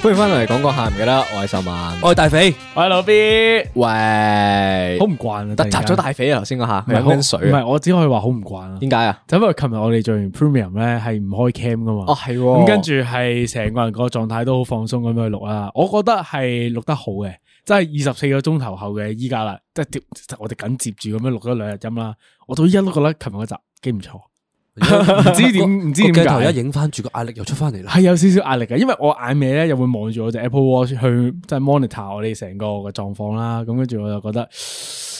歡迎翻嚟講講下唔記得？我係十萬，我係大肥，我係老 B，喂，好唔慣啊，突然間咗大肥啊，頭先講下，唔係飲緊水唔、啊、係我只可以話好唔慣啊，點解啊？就因為琴日我哋做完 premium 咧係唔開 cam 噶嘛，哦係，咁跟住係成個人個狀態都好放鬆咁樣去錄啦，我覺得係錄得好嘅，即係二十四個鐘頭後嘅依家啦，即係，我哋緊接住咁樣錄咗兩日音啦，我到依家都覺得琴日嗰集幾唔錯。唔知點唔 那知點解？我鏡頭一影翻住個壓力又出翻嚟啦，係有少少壓力嘅，因為我眼尾咧又會望住我隻 Apple Watch 去即係 monitor 我哋成個嘅狀況啦。咁跟住我就覺得。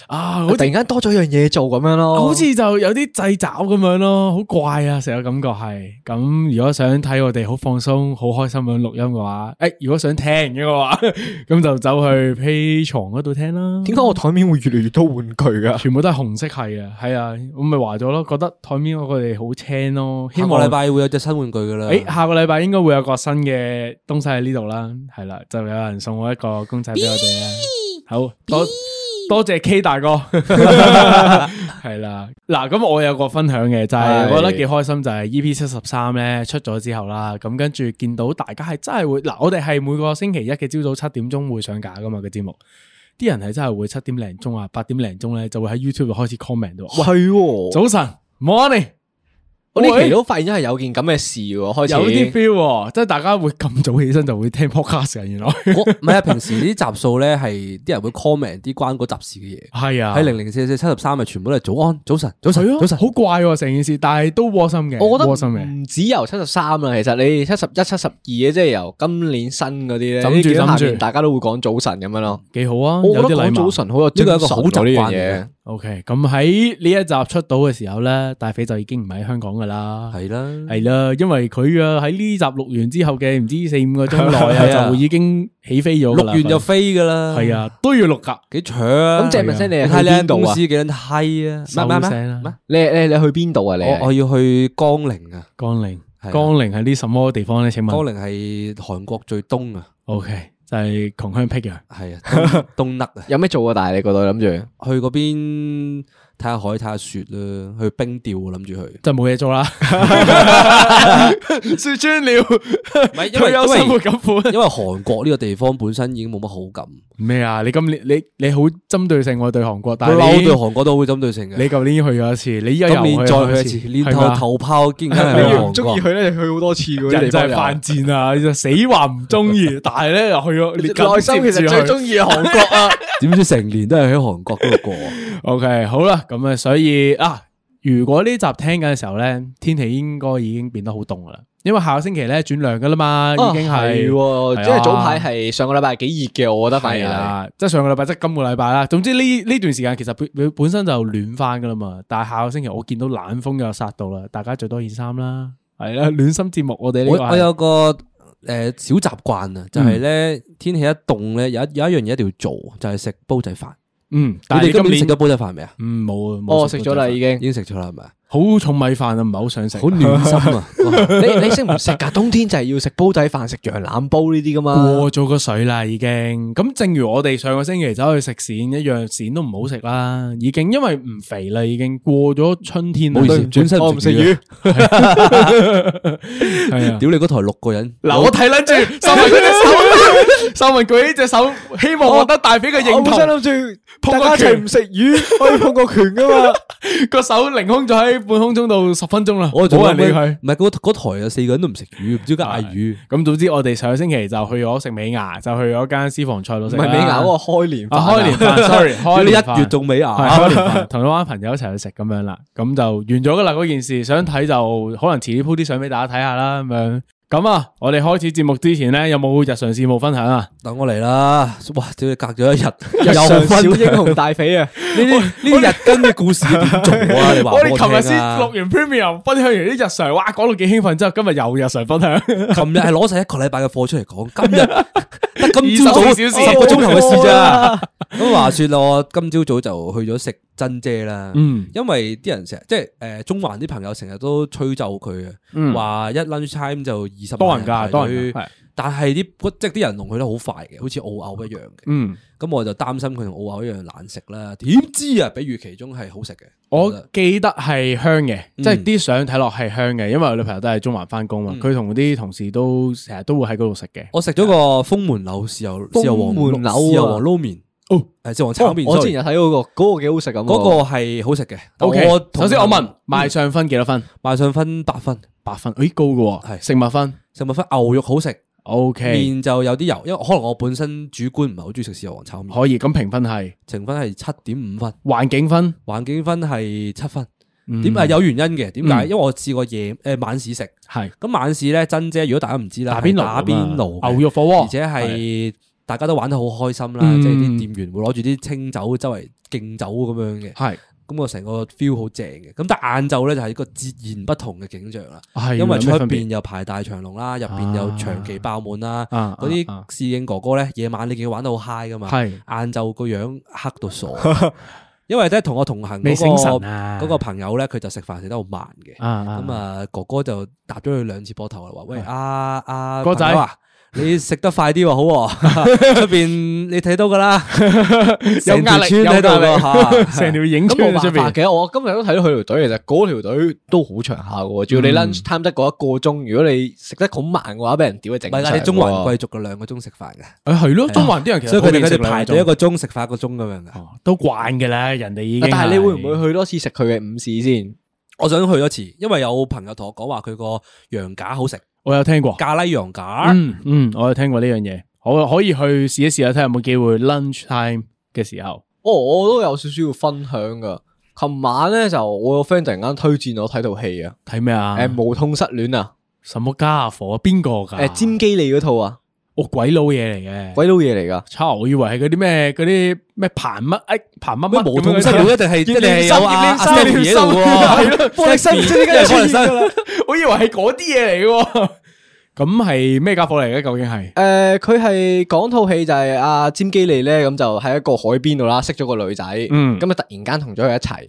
啊！我突然間多咗樣嘢做咁樣咯，好似就有啲掣肘咁樣咯，好怪啊！成個感覺係咁、嗯。如果想睇我哋好放鬆、好開心咁錄音嘅話，誒、欸，如果想聽嘅話，咁、 嗯、就走去 Patreon 嗰度聽啦。點解我台面會越嚟越多玩具噶？全部都係紅色系啊，係啊，我咪話咗咯，覺得台面我哋好青咯。希望下個禮拜會有隻新玩具噶、欸、啦。誒，下個禮拜應該會有個新嘅東西喺呢度啦，係啦，就有人送我一個公仔俾我哋啊。好多謝 K 大哥， 係啦，嗱咁我有個分享嘅，就係、是、我覺得幾開心，就係 E P 七十三咧出咗之後啦，咁跟住見到大家係真係會，嗱、呃、我哋係每個星期一嘅朝早七點鐘會上架噶嘛個節目，啲人係真係會七點零鐘啊八點零鐘咧就會喺 YouTube 開始 comment 喎、哦，係，早晨，Morning。我呢期都發現咗係有件咁嘅事喎、啊，開始有啲 feel、啊、即係大家會咁早起身就會聽 podcast 嘅，原來唔係 啊，平時啲集數咧係啲人會 comment 啲關嗰集事嘅嘢，係啊，喺零零四四七十三咪全部都係早安、早晨、早晨。啊、早晨，早晨好怪成、啊、件事，但係都窩心嘅，我覺得窩心嘅唔止由七十三啦，其實你七十一、七十二嘅即係由今年新嗰啲咧，今年下半大家都會講早晨咁樣咯，幾好啊，有啲早早晨好有精神，做呢樣嘢。O.K. 咁喺呢一集出到嘅時候咧，大肥就已經唔喺香港噶啦，係啦，係啦，因為佢啊喺呢集錄完之後嘅唔知四五個鐘內啊，就已經起飛咗，錄完就飛噶啦，係啊，都要錄噶，幾長咁即係問聲你睇呢度啊？公司幾閪閪啊？收聲啦！咩？你你你去邊度啊？你我我要去江陵啊！江陵，江陵係啲什麼地方咧？請問？江陵係韓國最東啊！O.K. 就係窮鄉僻壤，係啊，東德，啊， 有咩做啊？但係你嗰度諗住去嗰邊。 睇下海，睇下雪啦，去冰釣，我諗住去，真係冇嘢做啦。雪尊了，退休生活咁苦，因為韓國呢個地方本身已經冇乜好感。咩啊？你今年你你好針對性我對韓國，但係我對韓國都好針對性嘅。你舊年去咗一次，你今年再去一次，連頭頭炮驚。你唔中意去咧，就去好多次。人真係犯賤啊！死話唔中意，但係咧又去咗。內心其實最中意韓國啊？點知成年都係喺韓國度過？OK，好啦。咁啊、嗯，所以啊，如果呢集聽緊嘅時候咧，天氣應該已經變得好凍噶啦，因為下個星期咧轉涼噶啦嘛，哦、已經係，即、啊啊、因為早排係上個禮拜幾熱嘅，我覺得係啦，即係、啊就是、上個禮拜即係今個禮拜啦。總之呢呢段時間其實本本身就暖翻噶啦嘛，但係下個星期我見到冷風又殺到啦，大家着多件衫啦，係啦、嗯啊，暖心節目我哋我我有個誒、呃、小習慣啊，就係、是、咧天氣一凍咧，有一有一樣嘢一定要做，就係、是、食煲仔飯。嗯，但係你哋今日食咗煲仔飯未啊？嗯，冇啊，我食咗啦，已經，已經食咗啦，係咪好重米飯啊，唔係好想食，好暖心啊！你你識唔食噶？冬天就係要食煲仔飯、食羊腩煲呢啲噶嘛？過咗個水啦，已經。咁正如我哋上個星期走去食鱔，一樣鱔都唔好食啦，已經，因為唔肥啦，已經過咗春天啦。轉身唔食魚。係啊，屌你嗰台六個人。嗱，我睇撚住，收埋佢隻手，收埋佢呢隻手，希望獲得大肥嘅認同。諗住。碰個拳唔食魚，可以碰個拳噶嘛？個手凌空就喺半空中度十分鐘啦。我仲未去，唔係嗰台有四個人都唔食魚，唔知點解嗌魚。咁總之，我哋上個星期就去咗食美牙，就去咗間私房菜度食。唔係美牙嗰個開年飯，開年飯，sorry，開年一月仲美牙，同一班朋友一齊去食咁樣啦。咁就完咗噶啦，嗰件事想睇就可能遲啲 po 啲相俾大家睇下啦，咁樣。咁啊！我哋開始節目之前咧，有冇日常事務分享啊？等我嚟啦！哇，屌你隔咗一日，又小英雄大肥啊！呢啲呢啲日更嘅故事點做啊？ 你話我哋琴日先錄完 Premium，分享完啲日常，哇，講到幾興奮之後，今日又日常分享。琴日係攞晒一個禮拜嘅課出嚟講，今日得今朝早十個鐘頭嘅事咋？咁、 哦哦、話說我今朝早就去咗食。真姐啦，因為啲人成日即係誒中環啲朋友成日都吹奏佢嘅，話一 lunch time 就二十多人架，當然，但係啲即係啲人同佢都好快嘅，好似澳牛一樣嘅。咁我就擔心佢同澳牛一樣難食啦。點知啊，比預期中係好食嘅。我記得係香嘅，即係啲相睇落係香嘅，因為我女朋友都喺中環翻工嘛，佢同嗰啲同事都成日都會喺嗰度食嘅。我食咗個封門樓豉油豉油黃豉油黃撈麵。哦，誒，即係王炒麵。我之前有睇嗰個，嗰個幾好食咁。嗰個係好食嘅。O K，我頭先我問，賣相分幾多分？賣相分八分，八分，咦，高嘅喎。係，食物分，食物分，牛肉好食。O K，麵就有啲油，因為可能我本身主觀唔係好中意食豉油王炒麵。可以，咁評分係，評分係七點五分。環境分，環境分係七分。點解有原因嘅，點解？因為我試過夜，誒晚市食，係，咁晚市咧，珍姐如果大家唔知啦，打邊爐，打邊爐，牛肉火鍋，而且係。大家都玩得好開心啦，即係啲店員會攞住啲清酒周圍敬酒咁樣嘅，咁我成個 feel 好正嘅。咁但係晏晝咧就係一個截然 travail 不同嘅景象啦，因為出邊又排大長龍啦，入邊又長期爆滿啦。嗰啲侍應哥哥咧，夜晚你見佢玩到 high 噶嘛、uh, uh.，晏晝個樣黑到傻。因為咧同我同行嗰個嗰個朋友咧，佢就食飯食得好慢嘅，咁啊、uh. uh, uh. 哥哥就搭咗佢兩次波頭啦，話喂啊啊，uh, uh, uh, 哥仔啊。你食得快啲好、哦，出 邊你睇到噶啦， 有壓力睇條到啦，成條 影咁冇、嗯嗯、辦法嘅。其實我今日都睇到佢條隊，其實嗰條隊都好長下嘅。只要你 lunch time 得嗰一個鐘，如果你食得好慢嘅話，俾人屌啊整晒。你中環貴族嘅兩個鐘食飯嘅，誒係咯，了中環啲人其實了所以佢哋排隊一個鐘食飯一個鐘咁樣嘅，都慣嘅啦，人哋已經。但係你會唔會去多次食佢嘅午市先？我想去多次，因為有朋友同我講話佢個羊架好食。我有聽過咖喱羊架，嗯嗯，我有聽過呢樣嘢，我可以去試一試啊，睇下有冇機會 lunch time 嘅時候。哦，我都有少少要分享噶，琴晚咧就我個 friend 突然間推薦我睇套戲啊，睇咩啊？誒、呃，無痛失戀啊，什麼家伙啊？邊個噶？誒、呃，詹基利嗰套啊。哦，鬼佬嘢嚟嘅，鬼佬嘢嚟噶，炒我以為係嗰啲咩嗰啲咩彭乜，誒，彭乜乜無痛手術一定係，一定係收阿阿咩嘢嘅喎，波力生唔知點解又出現㗎啦，我以為係嗰啲嘢嚟嘅，咁係咩家伙嚟嘅？究竟係誒，佢係講套戲就係阿詹基利咧，咁就喺一個海邊度啦，識咗個女仔，咁就突然間同咗佢一齊，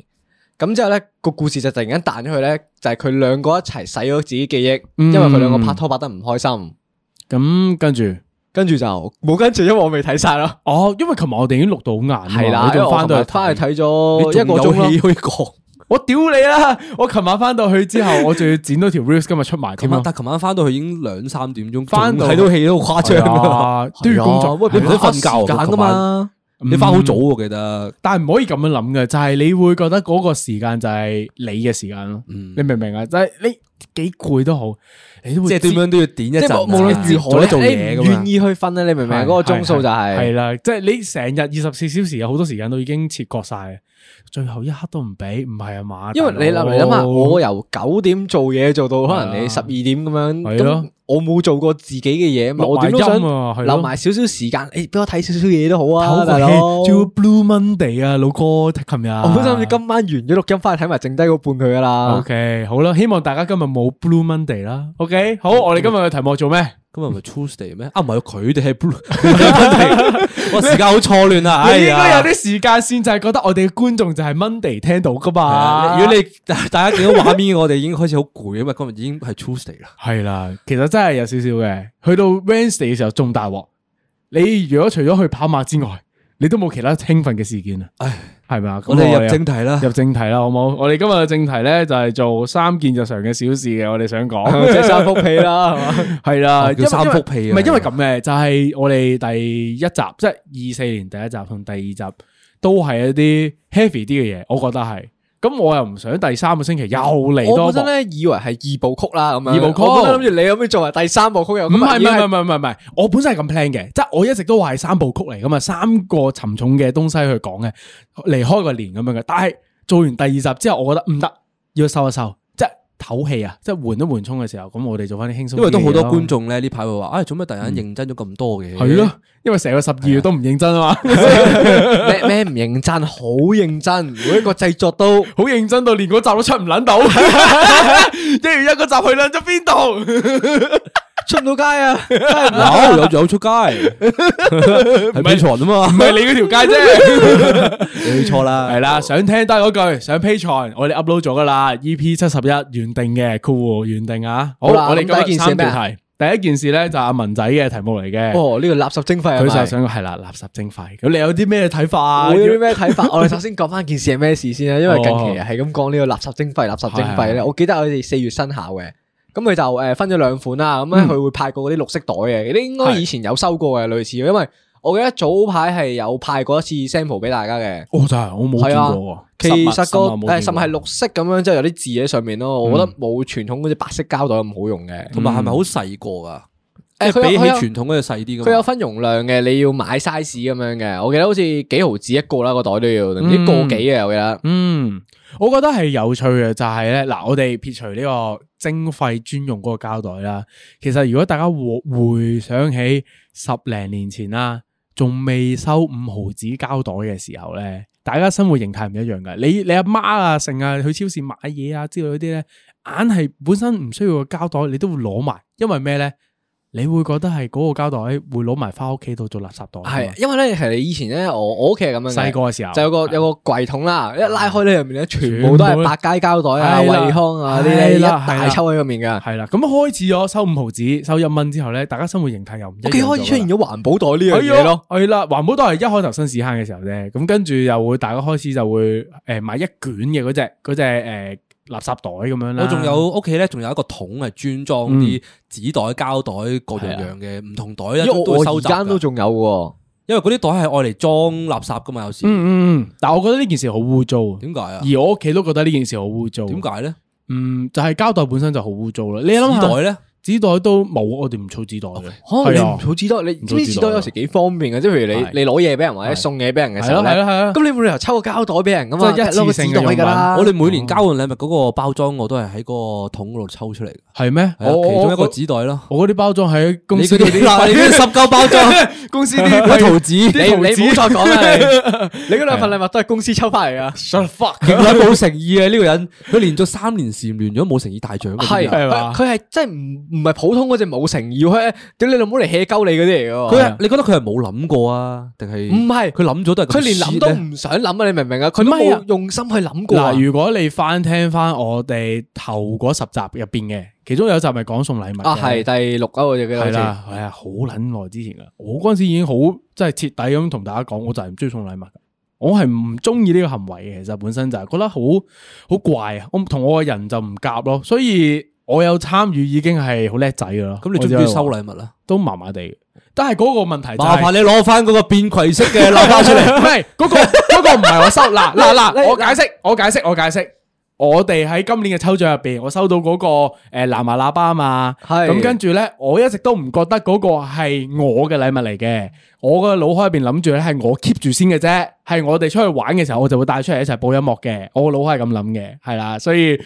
咁之後咧個故事就突然間彈咗佢咧，就係佢兩個一齊洗咗自己記憶，因為佢兩個拍拖拍得唔開心。咁跟住，跟住就冇跟住，因為我未睇晒啦。哦，因為琴日我哋已經錄到好晏，係啦，我仲翻到翻去睇咗一個鐘戲可以講。我屌你啦！我琴晚翻到去之後，我仲要剪咗條 vlog，今日出埋。點啊？但琴晚翻到去已經兩三點鐘，翻到睇到戲都好誇張噶。都要工作，你唔可以瞓覺噶嘛？你翻好早，我記得。但係唔可以咁樣諗嘅，就係你會覺得嗰個時間就係你嘅時間咯。你明唔明啊？就係你幾攰都好。即係點樣都要點一陣、啊，即係無論如何都做嘢，咁啊！你唔願意去瞓啊！你明唔明嗰個鐘數就係，係啦，即係、就是、你成日二十四小時有好多時間都已經切割晒啊！最後一刻都唔俾，唔係啊嘛？因為你諗嚟諗下， 我由九點做嘢做到可能你十二點咁樣，咁的我冇做過自己嘅嘢，的留埋音啊，留埋少少時間，誒的，俾、哎、我睇少少嘢都好啊。叫息《吧 Blue Monday》啊，老哥，琴日我諗住今晚完咗錄音，翻去睇埋剩低嗰半佢噶啦。OK，好啦，希望大家今日冇《Blue Monday》啦。OK，好，我哋今日嘅題目做咩？今日唔係 Tuesday 咩？啊，唔係佢哋係 Blue，真係我時間好錯亂啊！你，哎、呀你應該有啲時間線，就係覺得我哋嘅觀眾就係 Monday 聽到㗎嘛、啊。如果你大家見到畫面，我哋已經開始好攰啊，因為今日已經係 Tuesday 啦。係 啦，其實真係有少少嘅。去到 Wednesday 嘅時候仲大鑊。你如果除咗去跑馬之外，你都冇其他興奮嘅事件啊。唉係咪啊？我哋入正題啦，入正題啦，好冇？我哋今日嘅正題咧，就係做三件日常嘅小事嘅，我哋想講即係三幅被啦，係嘛？係啦、 啊， 叫三幅被。唔係因為咁嘅，就係、是、我哋第一集即係二四年第一集同第二集都係一啲 heavy 啲嘅嘢，我覺得係。咁我又唔想第三個星期又嚟多。我本身咧，以為係二部曲啦，咁樣。二部曲。我諗住你咁樣做埋第三部曲又唔係？唔係唔係唔係唔係，我本身係咁 plan 嘅，即係我一直都話係三部曲嚟，咁啊三個沉重嘅東西去講嘅，離開個年咁樣嘅。但係做完第二集之後，我覺得唔得，要收一收。口氣啊，即係換一換衝嘅時候，咁我哋做翻啲輕鬆。因為都好多觀眾咧呢排會話，唉，做咩突然間認真咗咁多嘅？係咯，因為成個十二月都唔認真啊嘛，咩咩唔認真，好認真， 每一個製作都好認真到連個集都出唔捻到，一月一嗰集去捻咗邊度？ 出唔到街啊？有有有出街，係 Patreon 啫嘛，唔係你嗰條街啫。冇錯啦，係啦。想聽得嗰句，想 Patreon，我哋 upload 咗噶啦。E.P. 七十一原定嘅，cool 原定啊。好啦，我哋第一件事咩？第一件事咧就阿文仔嘅題目嚟嘅。哦，呢個垃圾徵費，佢就想係啦，垃圾徵費。咁你有啲咩睇法？有啲咩睇法？我哋首先講翻件事係咩事先啊？因為近期啊係咁講呢個垃圾徵費，垃圾徵費咧，我記得我哋四月生效嘅。咁佢就誒分咗兩款啦，咁咧佢會派過嗰啲綠色袋嘅，啲、嗯、應該以前有收過嘅類似，嘅的，因為我記得早排係有派過一次 sample 俾大家嘅。哦，就係我冇係啊，的實物其實、個誒甚至係綠色咁樣，即係有啲字喺上面咯。我覺得冇傳統嗰啲白色膠袋咁好用嘅，同埋係咪好細個啊？嗯嗯比起傳統嗰隻細啲嘅，佢有，有分容量嘅，你要買 size 咁樣嘅。我記得好似幾毫子一個啦，個袋都要，唔知個幾嘅，嗯、我記得。嗯，我覺得係有趣嘅，就是，就係咧，嗱，我哋撇除呢個徵費專用嗰個膠袋啦，其實如果大家回想起十零年前啦，啊，仲未收五毫紙膠袋嘅時候咧，大家生活形態唔一樣嘅。你你阿媽啊，成日、啊、去超市買嘢啊之類啲咧，硬係本身唔需要個膠袋，你都會攞埋，因為咩咧？你會覺得係嗰個膠袋會攞埋返屋企度做垃圾袋？係，因為咧，其實以前咧，我我屋企係咁樣，細個嘅時候就有個有個櫃桶啦，一拉開呢，入面咧，全部都係百佳膠袋啊、惠康啊呢啲一大抽喺入面噶。係啦，咁開始咗收五毫子、收一蚊之後咧，大家生活形態又唔，一開始出現咗環保袋呢樣嘢咯。係啦，環保袋係一開頭新屎坑嘅時候啫。咁跟住又會大家開始就會誒買一卷嘅嗰隻隻誒。垃圾袋咁樣啦、啊，我仲有屋企咧，仲有一個桶係專裝啲紙袋、膠、嗯、袋，各樣樣嘅唔同袋咧，都都收集。都仲有喎，因為嗰啲、啊、袋係愛嚟裝垃圾噶嘛，有時。嗯嗯但係我覺得呢件事好污糟。點解啊？而我屋企都覺得呢件事好污糟。點解咧？嗯，就係、是、膠袋本身就好污糟啦。你諗下紙袋咧？紙袋都冇，我哋唔儲紙袋嘅。哦，你唔儲紙袋，你邊紙袋有時幾方便嘅，即係譬如你你攞嘢俾人或者送嘢俾人嘅時候咧，咁你冇理由抽個膠袋俾人噶嘛？即係一次性用啦。我哋每年交換禮物嗰個包裝，我都係喺個桶度抽出嚟嘅。係咩？其中一個紙袋咯。我嗰啲包裝喺公司嗰啲嗱，你啲塑膠包裝，公司啲圖紙，你圖紙講你嗰兩份禮物都係公司抽翻嚟嘅。神冇誠意嘅呢個人，佢連續三年蟬聯咗冇誠意大獎嘅，係係嘛？佢係真係唔。唔係普通嗰隻冇誠意嘅，屌你老母嚟 hea 鳩你嗰啲嚟噶。佢係你覺得佢係冇諗過啊，定係唔係？佢諗咗都係，佢連諗都唔想諗啊！你明唔明啊？佢都冇用心去諗過。嗱、呃，如果你翻聽翻我哋頭嗰十集入邊嘅，其中有一集咪講送禮物啊？係第六嗰隻，係啦，係啊，好捻耐之前噶。我嗰陣時已經好真係徹底咁同大家講，我就係唔中意送禮物，我係唔中意呢個行為嘅。其實本身就係、是、覺得好好怪啊，我同我個人就唔夾咯，所以。我有參與已經係好叻仔噶咯，咁你仲要收禮物啊？都麻麻地，但係嗰個問題，就係，麻煩你攞翻嗰個便攜式嘅喇叭出嚟，唔係嗰個嗰，嗰個唔係我收，嗱嗱嗱，我解釋我解釋我解釋，我哋喺今年嘅抽獎入邊，我收到嗰，嗰個誒藍牙喇叭啊嘛，咁跟住咧，我一直都唔覺得嗰個係我嘅禮物嚟嘅，我嘅腦海入邊諗住咧係我 keep 住先嘅啫，係我哋出去玩嘅時候，我就會帶出嚟一齊播音樂嘅，我嘅腦海係咁諗嘅，係啦，所以。所以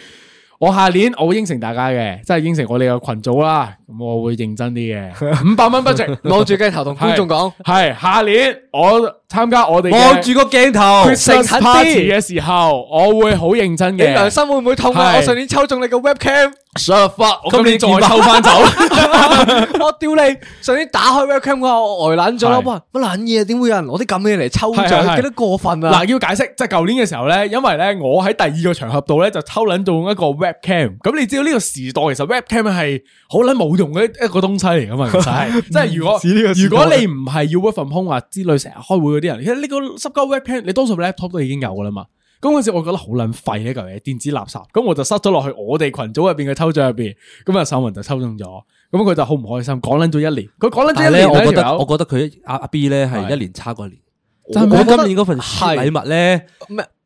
我下年我會應承大家嘅，即係應承我哋嘅群組啦，咁我會認真啲嘅。五百蚊不值，攞住鏡頭同觀眾講，係下年我參加我哋攞住個鏡頭，Christmas Party 嘅時候，我會好認真嘅。你良心會唔會痛啊？是我上年抽中你個 webcam。Sir, 我今年再抽翻走、 啊，我屌你！上年打開 webcam 我呆卵咗啦，哇乜卵嘢？點會有人攞啲咁嘢嚟抽獎？幾得是過分啊！嗱、啊，要解釋，即係舊年嘅時候咧，因為咧我喺第二個場合度咧就抽卵到一個 webcam。咁你知道呢個時代其實 webcam 係好卵冇用嘅一個東西嚟噶嘛？係，即係如果如果你唔係要 web conference 之類成日開會嗰啲人，其實呢個濕鳩 webcam 你多數 laptop 都已經有噶啦嘛。咁嗰時我覺得好撚廢呢嚿嘢，電子垃圾，咁我就塞咗落去我哋群組入邊嘅抽獎入邊，咁阿小文就抽中咗，咁佢就好唔開心，講捻咗一年，佢講捻咗一年啦條友，我覺得佢阿阿 B 咧係一年差過一年，我的今年嗰份禮物咧，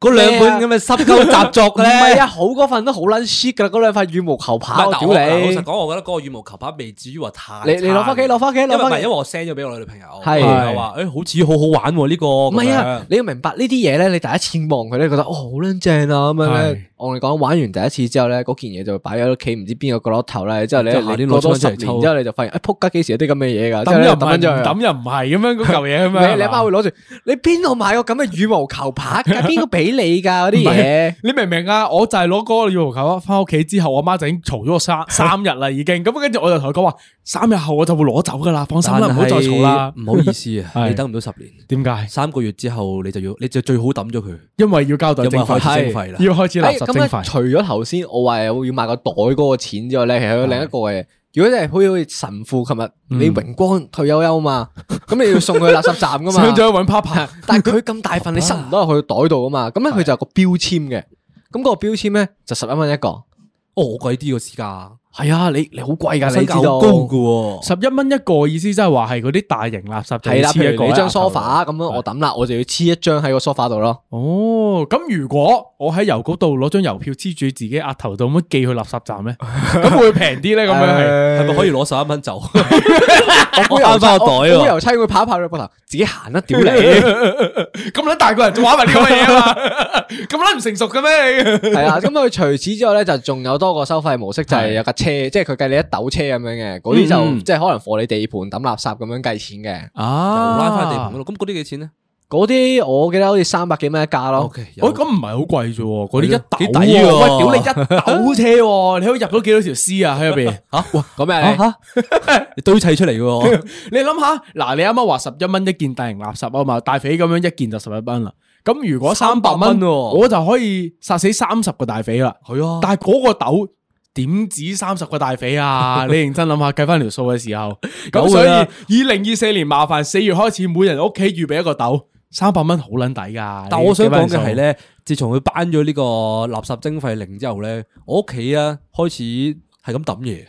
嗰兩本咁嘅濕鳩雜作咧，唔係啊，好嗰份都好卵 cheap 㗎啦，嗰兩塊羽毛球拍。唔係，老實講，我覺得嗰個羽毛球拍未至於話太差。你你攞翻屋企，攞翻屋企，攞翻嚟，因為唔係，因為我 send 咗俾我女朋友，佢話誒，好似好好玩呢個。唔係啊，你要明白呢啲嘢咧，你第一次望佢咧，覺得哦好卵正啊咁樣咧。我哋講玩完第一次之後咧，嗰件嘢就擺喺屋企唔知邊個角落頭咧，之後咧過多十年，然之後你就發現誒仆街，幾時有啲咁嘅嘢噶？抌又抌唔着，抌又唔係咁樣嗰嚿嘢啊嘛。你阿媽會攞住？你邊度買個咁嘅羽毛球拍？邊個俾？俾你噶嗰啲嘢，你明唔明啊？我就係攞嗰個羽毛球翻屋企之後，我媽就已經嘈咗我三三日啦，已經咁跟住我就同佢講話，三日後我就會攞走噶啦，放心啦，唔好是再嘈啦，唔好意思啊， 的你等唔到十年，點解三個月之後你就要，你就最好抌咗佢，因為要交代徵費，要開始垃圾徵費啦。咁咧，除咗頭先我話要買個袋嗰個錢之外咧，其實有另一個嘅。如果你係好似神父，琴日你榮光退休休嘛，咁、嗯、你要送佢去垃圾站噶嘛？ 想走去搵 paper，但係佢咁大份， 你塞唔到入佢袋度噶嘛？咁咧佢就有個標籤嘅，咁、那、嗰個標籤咧就十一蚊一個，哦貴啲喎，市價。係啊，你你好貴噶，你知道？高噶，十一蚊一個，意思即係話係嗰啲大型垃圾係啦，譬如張 sofa 咁樣，我抌啦，我就要黐一張喺個 sofa 度咯。哦，咁如果我喺郵局度攞張郵票黐住自己額頭度咁寄去垃圾站咧，咁會平啲咧？咁樣係咪可以攞十一蚊走？我包袋啲郵差會拍一拍你膊頭，自己行啦，屌你！咁卵大個人就玩埋呢啲嘢啊嘛！咁卵唔成熟嘅咩？係啊，咁佢除此之外咧，就仲有多個收費模式，就係有車即係佢計你一斗車咁樣嘅，嗰啲就即係可能貨你地盤抌垃圾咁樣計錢嘅。啊，又拉翻地盤咯。咁嗰啲幾錢咧？嗰啲我記得好似三百幾蚊一架咯。哦，咁唔係好貴啫。嗰啲一斗抵喎。喂，屌你一斗車，你可以入到幾多條屍啊？喺入邊吓？哇，啊，講咩、啊、你？啊、 你堆砌出嚟嘅，啊？ 你諗下，嗱，你啱啱話十一蚊一件大型垃圾啊嘛，大肥咁樣一件就十一蚊啦。咁如果三百蚊，我就可以殺死三十個大肥啦。係 啊，但係嗰個斗。點止三十個大肥啊！ 你認真諗下，計翻條數嘅時候，咁 所以二零二四年麻煩四月開始，每人屋企預備一個豆，三百蚊好撚抵噶。但我想講嘅係咧，自從佢頒咗呢個垃圾徵費令之後咧，我屋企啊開始係咁抌嘢。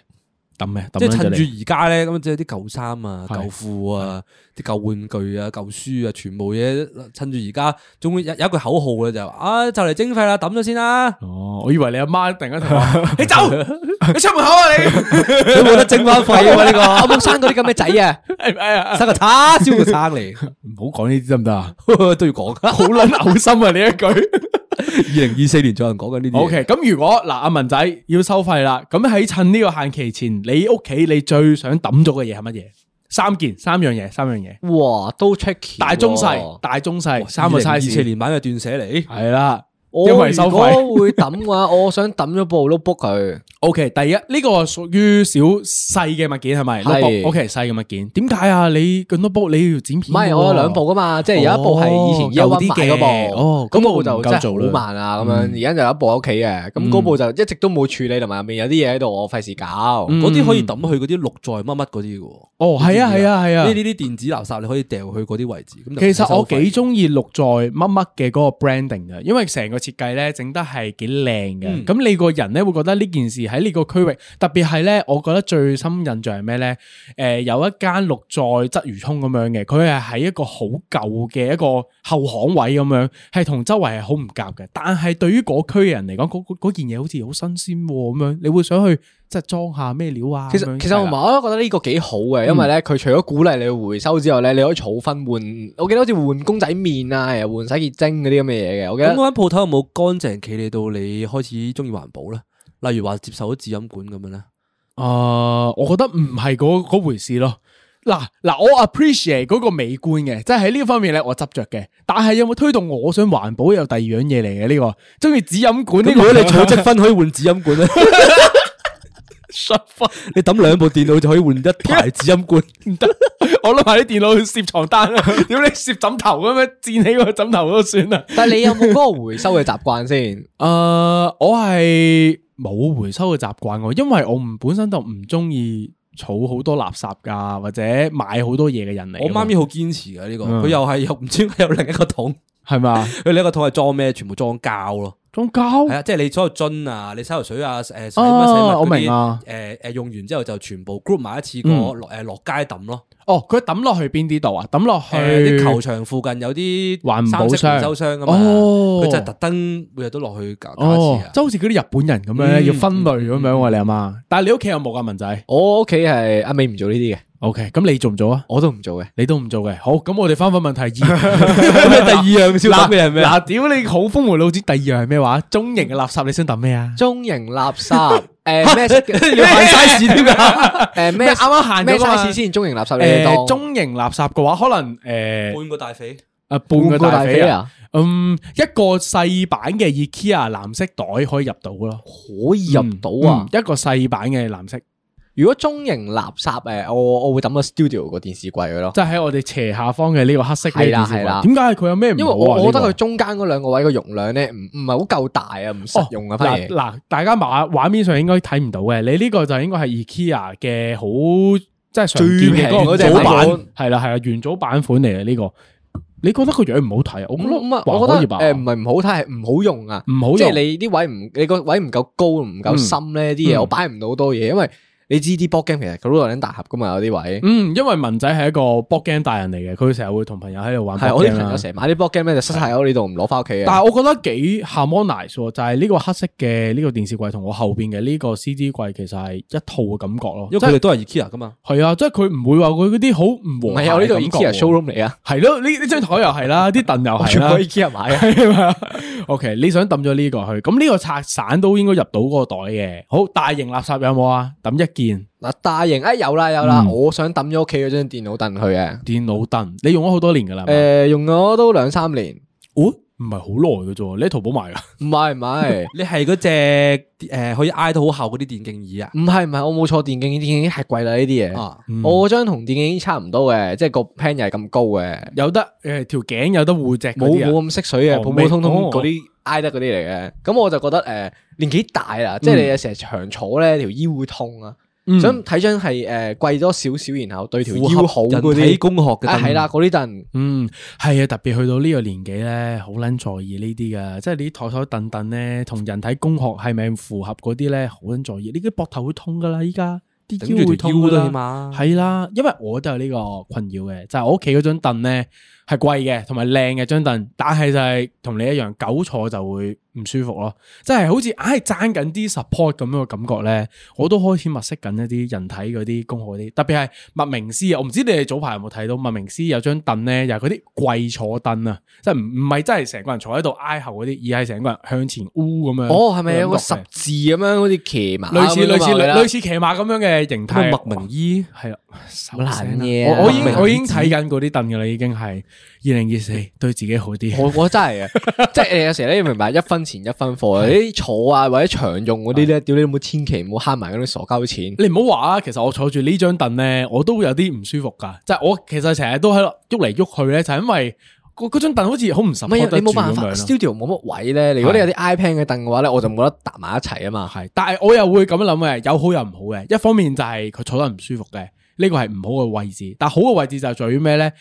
抌咩？即係趁住而家咧，咁即係啲舊衫啊、舊褲啊、啲舊玩具啊、舊書啊，全部嘢趁住而家，仲有有一句口號嘅就係，啊就嚟徵費啦，抌咗先啦。哦，我以為你阿媽突然間同你走， 你出門口啊你， 你冇得徵翻費啊呢、這個，我冇生到啲咁嘅仔啊，係咪 啊，生個叉燒嘅生嚟，唔好講呢啲得唔得啊？都 要講說，好撚嘔心啊你一句。二零二四年再人講緊呢啲。OK，咁如果嗱，阿、啊、文仔要收費啦，咁喺趁呢個限期前，你屋企你最想抌咗嘅嘢係乜嘢？三件，三樣嘢，三樣嘢。哇，都 check 大中細，大中細，三個 size。二四年版嘅斷捨離，係啦。我如果會抌嘅話，我想抌咗部 notebook 佢。O K，第一呢個屬於小細嘅物件係咪？O K，細嘅物件。點解啊？你咁多 book 你要剪片？唔係我有兩部噶嘛，即係有一部係以前有啲嘅，哦，咁部就夠做好慢啊，咁樣而家就有一部喺屋企嘅，咁嗰部就一直都冇處理，同埋入面有啲嘢喺度，我費事搞。嗰啲可以抌去嗰啲綠在乜乜嗰啲嘅。哦，係啊，係啊，係啊，呢啲電子垃圾你可以掉去嗰啲位置。其實我幾中意綠在乜乜嘅嗰個 branding 嘅，因為成個。設計咧整得係幾靚嘅，咁、嗯、你個人咧會覺得呢件事喺呢個區域，特別係咧，我覺得最深印象係咩咧？誒、呃，有一間落喺鰂魚涌咁樣嘅，佢係喺一個好舊嘅一個後巷位咁樣，係同周圍係好唔夾嘅，但係對於嗰區嘅人嚟講，嗰件嘢好似好新鮮咁、啊、樣，你會想去。即係裝下咩料啊？其實樣其實唔係，我都覺得呢個幾好嘅，嗯、因為咧佢除咗鼓勵你回收之外咧，嗯、你可以儲分換，我記得好似換公仔麵啊，換洗潔精嗰啲咁嘅嘢嘅。咁間鋪頭有冇乾淨企理到你開始中意環保咧？例如話接受咗紙飲管咁樣咧？啊、呃，我覺得唔係嗰回事咯。嗱嗱，我 appreciate 嗰個美觀嘅，即係喺呢方面咧我執着嘅。但係有冇推動我想環保有第二樣嘢嚟嘅呢個？中意紙飲管呢個，你儲積分可以換紙飲管啊？分，你抌兩部電腦就可以換一台紙巾罐。唔得，我攞埋啲電腦去攝床單啦。屌你攝枕頭嘅、啊、咩，墊起個枕頭都算啦。但係你有冇嗰個回收嘅習慣先？誒、 呃，我係冇回收嘅習慣嘅，因為我唔本身就唔中意儲好多垃圾噶，或者買好多嘢嘅人嚟。我媽咪好堅持嘅呢、這個，佢、嗯、又係又唔知佢有另一個桶係嘛，佢另一個桶係裝咩？全部裝膠咯。裝膠係啊，即係你所有樽啊，你洗頭水啊，誒洗乜洗物嗰咪誒誒用完之後就全部 group 埋一次過，落誒落街抌咯。哦，佢抌落去邊啲度啊？抌落去啲球場附近有啲環保箱、回收商噶嘛。佢就特登每日都落去搞一次嘅。即好似嗰啲日本人咁樣，要分類咁樣。你阿媽，但係你屋企有冇啊文仔？我屋企係阿美唔做呢啲嘅。O K，咁你做唔做啊？我都唔做嘅，你都唔做嘅。好，咁我哋翻返問題二，咩 第二樣嘅消納嘅係咩？嗱，屌你好風回老子，第二樣係咩話？中型嘅垃圾，你想抌咩啊？中型垃圾誒，咩要廢 size 添啊？誒咩？啱啱行咗咩先？中型垃圾誒，中型垃圾嘅話，可能誒、呃、半個大肥？誒半個大肥？啊。嗯，一個細版嘅 IKEA 藍色袋可以入到咯，可以入到啊，一個細版嘅藍色。如果中型垃圾，誒，我我會抌個 studio 個電視櫃咯，即係喺我哋斜下方嘅呢個黑色嘅電視櫃。係啦係啦。點解佢有咩唔好啊？因為我我覺得佢中間嗰兩個位個容量咧，唔唔係好夠大啊，唔實用啊，嗱，大家畫面上應該睇唔到嘅，你呢個就應該係 IKEA 嘅好，即係最平嘅嗰隻，係啦係啦，原組版款嚟嘅呢個。你覺得個樣唔好睇？我唔我覺得誒唔係唔好睇，係唔好用啊，唔好即係你啲位唔，你個位唔夠高，唔夠深咧，啲嘢我擺唔到好多嘢，因為。你知啲 board game 其實佢羅倫大盒噶嘛，有啲位，嗯，因為文仔係一個 board game 大人嚟嘅，佢成日會同朋友喺度玩 game。係我啲朋友成日買啲 board game 咧，就塞曬喺我呢度，唔攞翻屋企。但係我覺得幾 harmonious 喎，就係呢個黑色嘅呢個電視櫃同我後邊嘅呢個 CD 櫃其實係一套嘅感覺咯。因為佢哋都係 IKEA 噶嘛。係啊，即係佢唔會話佢嗰啲好唔和。係啊，呢度 IKEA showroom 嚟啊。係咯、 啊，呢呢張台又係啦，啲凳又係啦，全部 IKEA 買啊。 OK，你想抌咗呢個去？咁呢個拆散都應該入到嗰個袋嘅。好，大型垃圾有冇啊？抌一。嗱，大型啊，有啦有啦，我想抌咗屋企嗰張電腦凳去嘅。電腦凳，你用咗好多年噶啦？誒，用咗都兩三年。哦，唔係好耐嘅啫。你喺淘寶買噶？唔係唔係，你係嗰隻誒，可以挨到好厚嗰啲電競椅啊？唔係唔係，我冇坐電競椅，電競椅係貴啦呢啲嘢。我張同電競椅差唔多嘅，即係個 pan 又係咁高嘅。有得誒，條頸有得護脊，冇冇咁色水嘅，普普通通嗰啲挨得嗰啲嚟嘅。咁我就覺得誒年紀大啦，即係你成日長坐咧，條腰會痛啊。嗯、想睇張係誒貴咗少少，然後對條腰好嗰啲，人體工學嘅係啦，嗰啲凳，哎、嗯係啊，特別去到呢個年紀咧，好捻在意呢啲噶，即係你台台凳凳咧，同人體工學係咪符合嗰啲咧，好捻在意。你啲膊頭會痛噶啦，依家啲腰會痛嘅嘛，係啦，因為我都有呢個困擾嘅，就係、是、我屋企嗰張凳咧。係貴嘅，同埋靚嘅張凳，但係就係同你一樣，久坐就會唔舒服咯。即係好似硬係爭緊啲 support 咁樣嘅感覺咧，我都開始物色緊一啲人體嗰啲功課啲，特別係麥明詩啊。我唔知你哋早排有冇睇到麥明詩有張凳咧，又係嗰啲跪坐凳啊，即係唔唔係真係成個人坐喺度挨後嗰啲，而係成個人向前烏咁樣。哦，係咪有個十字咁樣，好似騎馬，類似類似類似騎馬咁樣嘅形態。麥明醫係啊。手爛嘢，我已我已經睇緊嗰啲凳噶啦，已經係二零二四對自己好啲。我我真係啊，即係誒，有時咧要明白一分錢一分貨。誒，坐啊或者長用嗰啲咧，屌你冇，千祈唔好慳埋嗰啲傻鳩錢。你唔好話啊，其實我坐住呢張凳咧，我都會有啲唔舒服噶。就我其實成日都喺度喐嚟喐去咧，就係因為嗰張凳好似好唔實，你冇辦法。s t u d i o 冇乜位咧，如果你有啲 iPad 嘅凳嘅話咧，我就唔覺得搭埋一齊啊嘛。係，但係我又會咁諗嘅，有好有唔好嘅。一方面就係佢坐得唔舒服嘅。呢個係唔好嘅位置，但係好嘅位置就係在於咩咧？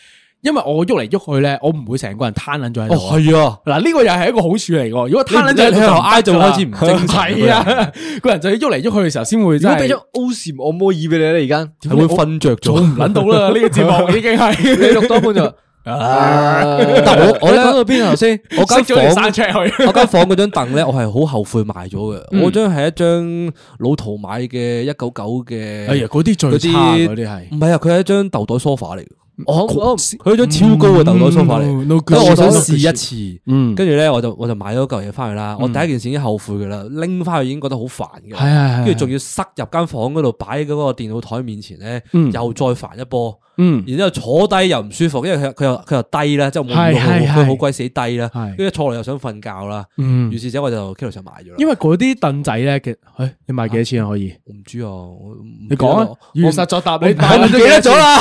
因為我喐嚟喐去咧，我唔會成個人攤撚咗喺度。哦，係啊，嗱呢個又係一個好處嚟嘅。如果攤撚咗喺度，挨就開始唔正。係啊，個人就要喐嚟喐去嘅時候先會真係。俾咗 OSIM 按摩椅俾你咧，而家會瞓着咗，唔撚到啦。呢個節目已經係 你錄咗半就。啊！我我講到邊頭先，我間房，我間房嗰張凳咧，我係好後悔買咗嘅。我張係一張老陶買嘅一九九嘅。哎呀，嗰啲最差，嗰啲係。唔係啊，佢係一張豆袋梳化嚟嘅。我我佢張超高嘅豆袋梳化嚟，因為我想試一次。跟住咧，我就我就買咗嚿嘢翻去啦。我第一件事已經後悔㗎啦，拎翻去已經覺得好煩嘅。係啊係，跟住仲要塞入間房嗰度擺喺嗰個電腦台面前咧，又再煩一波。嗯，然之後坐低又唔舒服，因為佢佢又佢又低啦，即係冇冇好鬼死低啦，跟住坐落又想瞓覺啦。於是者我就 Kilo 賣咗啦。因為嗰啲凳仔咧，嘅，誒，你賣幾多錢可以？我唔知啊，你講啊，如實作答你，唔記得咗啦。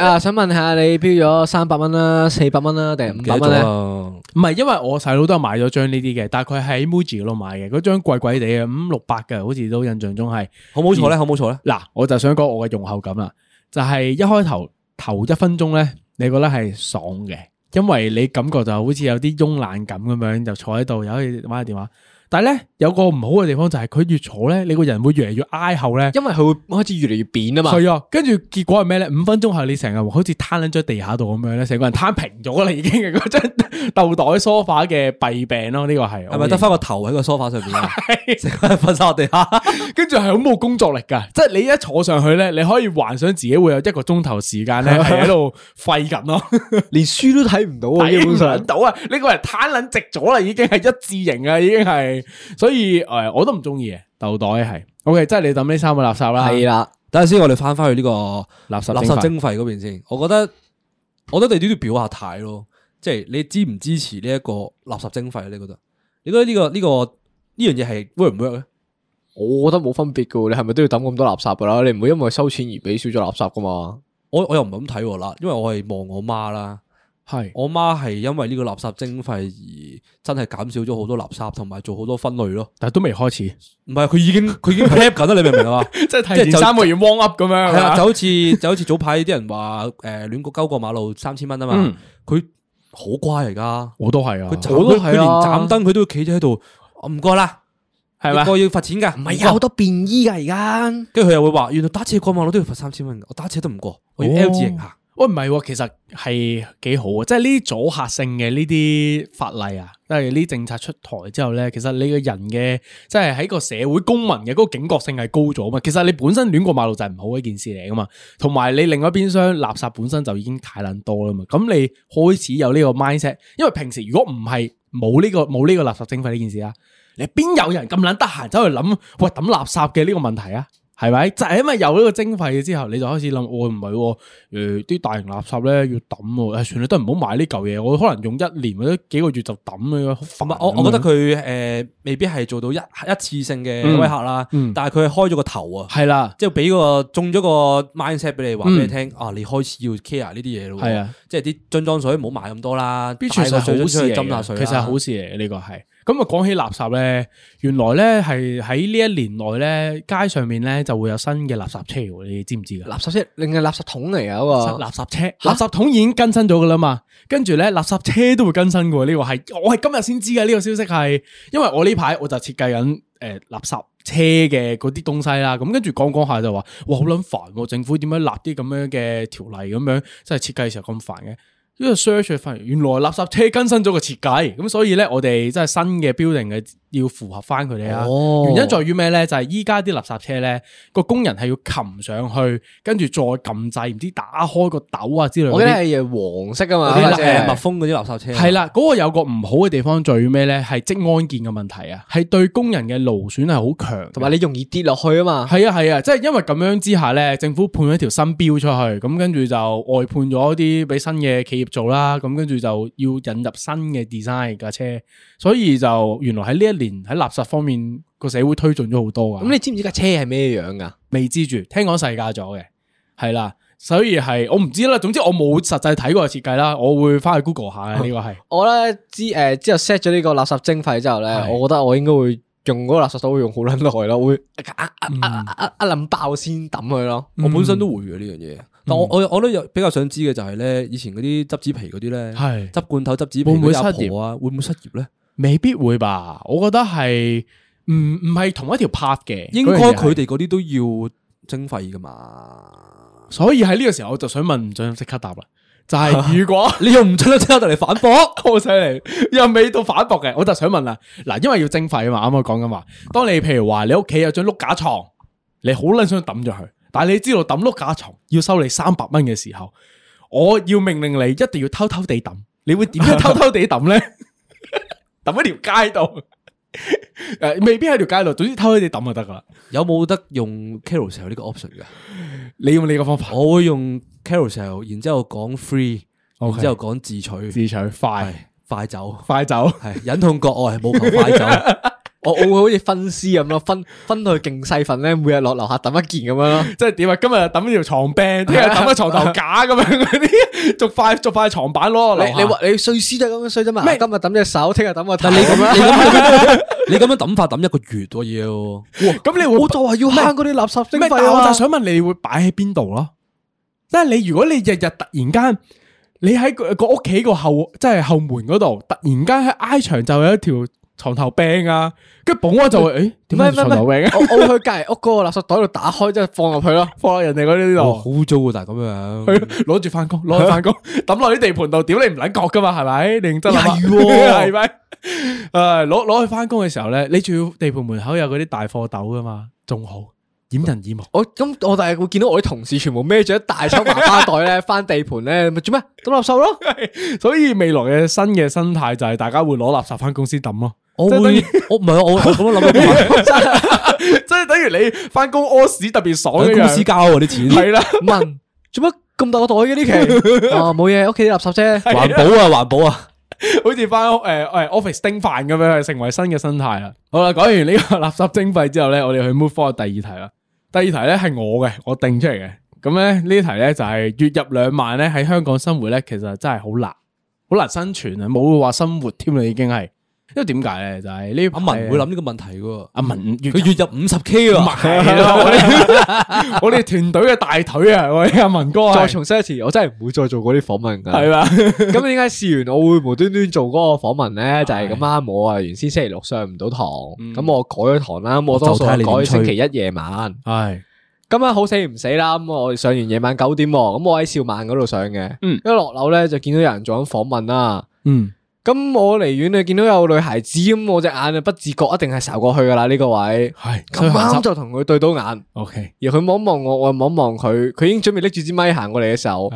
啊，想問下你標咗三百蚊啦，四百蚊啦，定五百蚊咧？唔係，因為我細佬都係買咗張呢啲嘅，但係佢喺 Muji 嗰度買嘅，嗰張貴貴哋啊，五六百㗎，好似都印象中係。好冇錯咧，好冇錯咧。嗱，我就想講我嘅用後感啦。就係一開頭頭一分鐘呢，你覺得係爽嘅，因為你感覺就好似有啲慵懶感咁樣，就坐喺度，有啲玩下電話。但係咧，有個唔好嘅地方就係，佢越坐咧，你個人會越嚟越挨後咧，因為佢會開始越嚟越扁啊嘛。係啊，跟住結果係咩咧？五分鐘後你成日好似攤捻咗地下度咁樣咧，成個人攤平咗啦，已經嗰張斗袋梳化嘅弊病咯。呢、這個係係咪得翻個頭喺個梳化上邊啊？成是個人瞓晒地下，跟住係好冇工作力噶。即、就、係、是、你一坐上去咧，你可以幻想自己會有一個鐘頭時間咧，喺度廢緊咯， 連書都睇唔到啊。睇唔到啊！呢 上 個人攤捻直咗啦，已經係一字型啊，已經係。所以誒、呃，我都唔中意嘅，豆袋係。O、okay, K，即係你抌呢三個垃圾啦。係啦，等陣先，我哋翻翻去呢個垃圾垃圾徵費嗰邊先。我覺得，我覺得你都要表下態咯，即係你支唔支持呢一個垃圾徵費你覺得？你覺得呢個呢、這個呢樣嘢係會唔會咧？我覺得冇分別噶，你係咪都要抌咁多垃圾噶、啊、啦？你唔會因為收錢而俾少咗垃圾噶、啊、嘛？我我又唔係咁睇啦，因為我係望我媽啦。係，我媽係因為呢個垃圾徵費而真係減少咗好多垃圾，同埋做好多分類咯。但係都未開始，唔係佢已經佢已經 plan 緊啦，你明唔明啊？即係提前三個月汪 up 咁樣。係啊，就好似就好似早排啲人話誒，亂過溝過馬路三千蚊啊嘛。佢好乖而家，我都係啊，佢走都係啊，連盞燈佢都會企咗喺度。我唔過啦，係咪？過要罰錢噶？唔係有好多便衣噶而家。跟住佢又會話，原來打車過馬路都要罰三千蚊，我打車都唔過，我要 L 字型行。喂，唔係、哦哦，其實係幾好啊！即係呢啲阻嚇性嘅呢啲法例啊，即係呢政策出台之後咧，其實你個人嘅即係喺個社會公民嘅嗰個警覺性係高咗啊嘛。其實你本身亂過馬路就係唔好一件事嚟噶嘛，同埋你另外一邊廂垃圾本身就已經太捻多啦嘛。咁你開始有呢個 mindset，因為平時如果唔係冇呢個冇呢個垃圾徵費呢件事啊，你邊有人咁捻得閒走去諗喂，抌垃圾嘅呢個問題啊？係咪就係、是，因為有呢個徵費之後，你就開始諗，我唔係誒啲大型垃圾咧要抌喎，誒、呃，算啦，都唔好買呢嚿嘢，我可能用一年或者幾個月就抌嘅。我我覺得佢誒、呃、未必係做到一一次性嘅威嚇啦，嗯嗯、但係佢開咗個頭啊。係啦、嗯，即係俾個中咗個 mindset 俾你話俾你聽，嗯、啊，你開始要 care 呢啲嘢咯。係啊，即係啲樽裝水唔好買咁多啦，大家好少嘅。其實係好事嚟嘅，呢個係。咁啊，講起垃圾咧，原來咧係喺呢一年內咧，街上面咧就會有新嘅垃圾車，你知唔知噶？垃圾車，定嘅垃圾桶嚟噶喎。垃圾車，垃圾桶已經更新咗噶啦嘛。跟住咧，垃圾車都會更新嘅。呢個係我係今日先知嘅呢個消息係，因為我呢排我就設計緊誒垃圾車嘅嗰啲東西啦。咁跟住講講下就話，哇好撚煩政府點樣立啲咁樣嘅條例咁樣，真係設計嘅時候咁煩嘅。因為 search 發現原來垃圾車更新咗個設計，咁所以咧我哋即係新嘅 building 嘅。要符合翻佢哋啊。哦、原因在於咩咧？就係依家啲垃圾車咧，個工人係要擒上去，跟住再撳掣，唔知打開個斗啊之類。我嗰啲係黃色噶嘛，啲蜜蜂嗰啲垃圾車。係啦、嗯，嗰、那個有個唔好嘅地方在於咩咧？係職安健嘅問題啊，係對工人嘅勞損係好強，同埋你容易跌落去啊嘛。係啊係啊，即係、啊啊、因為咁樣之下咧，政府判咗條新標出去，咁跟住就外判咗啲俾新嘅企業做啦，咁跟住就要引入新嘅 design 架車，所以就原來喺呢一喺垃圾方面個社會推進咗好多噶，咁、嗯、你知唔知架車係咩樣噶？未知住，聽講世界咗嘅，係啦，所以係我唔知啦。總之我冇實際睇過設計啦，我會翻去 Google 下、哦、個呢個係。我咧知誒、呃，之後 set 咗呢個垃圾徵費之後咧，是的 我覺得我應該會用嗰個垃圾手會用好撚耐咯，會一撚爆先抌佢咯。嗯、我本身都會嘅呢樣嘢，嗯、但我我我都有比較想知嘅就係咧，以前嗰啲執紙皮嗰啲咧，係執罐頭、執紙皮唔嘅阿婆啊，的會唔會失業咧？會未必會吧？我覺得係唔唔係同一條 part 嘅，應該佢哋嗰啲都要徵費噶嘛。所以喺呢個時候我就想問，唔准即刻答啦？就係、是、如果 你又唔准得即刻嚟反駁，好犀利，又未到反駁嘅，我就想問啦。嗱，因為要徵費啊嘛，啱啱講緊話。當你譬如話你屋企有張碌架床，你好捻想抌咗佢，但係你知道抌碌架床要收你三百蚊嘅時候，我要命令你一定要偷偷地抌，你會點樣偷偷地抌咧？ 抌喺條街度，誒，未必喺條街度，總之偷你哋抌就得噶啦。有冇得用 Carousel 呢個 option 噶？你用你個方法，我會用 Carousel，然之後講 free，Okay，然之後講自取，自取快，快走，快走，係忍痛割愛，冇求快走。 我 我會好似分屍咁咯，分分到去勁細份咧，每日落樓下抌一件咁樣咯。即係點啊？今日抌一條床柄，聽日抌個床頭架咁樣嗰啲，逐塊逐塊床板咯。你你話你碎屍就咁衰啫嘛？今日抌隻手，聽日抌個頭。 你咁樣， 樣，你咁樣抌法抌一個月、哦、我要。咁你就話要慳嗰啲垃圾經費我就想問你，你會擺喺邊度咯？即係你如果你日日突然間，你喺個屋企個後，即係後門嗰度，突然間喺挨牆就有一條。床頭餅啊，跟住保安就會，誒，點解？床頭餅啊，我去隔籬屋嗰個垃圾袋度打開，即係放落去咯，放落人哋嗰啲度。好糟啊，但係咁樣，攞住翻工，攞去翻工，抌落啲地盤度，屌你唔捻覺噶嘛？係咪？你認真係咪？誒，攞攞去翻工嘅時候咧，你仲要地盤門口有嗰啲大貨斗噶嘛？仲好，掩人耳目。我咁我就係會見到我啲同事全部孭住一大箱麻花袋咧，翻地盤咧，咪做咩？抌垃圾咯。所以未來嘅新嘅生態就係大家會攞垃圾翻公司抌咯。我會我唔係我咁樣諗嘅，即係等於你翻工屙屎特別爽嘅樣，公司交嗰啲錢係啦，問做乜咁大個袋嘅呢期？啊冇嘢，屋企啲垃圾啫，環保啊環保啊，好似翻屋誒誒 office 叮飯咁樣，係成為新嘅生態啦。好啦，講完呢個垃圾徵費之後咧，我哋去 move forward 第二題啦。第二題咧係我嘅，我定出嚟嘅。咁咧呢題咧就係月入兩萬咧喺香港生活咧，其實真係好難，好難生存啊，冇話生活添啦，已經係。因為點解咧，就係呢阿文唔會諗呢個問題噶，阿文佢月入五十 K 噶，我哋團隊嘅大腿啊，我哋阿文哥。再重申一次，我真係唔會再做嗰啲訪問噶。係啦，咁點解試完我會無端端做嗰個訪問咧？就係咁啱我啊原先星期六上唔到堂，咁我改咗堂啦，咁我多數改星期一夜晚。係，今晚好死唔死啦！咁我上完夜晚九點，咁我喺兆萬嗰度上嘅，嗯，一落樓咧就見到有人做緊訪問啦，嗯。咁我離遠你，見到有女孩子咁，我隻眼就不自覺一定係睄過去噶啦呢個位，係咁啱就同佢對到眼。O K，而佢望一望我，我又望一望佢，佢已經準備拎住支咪行過嚟嘅時候，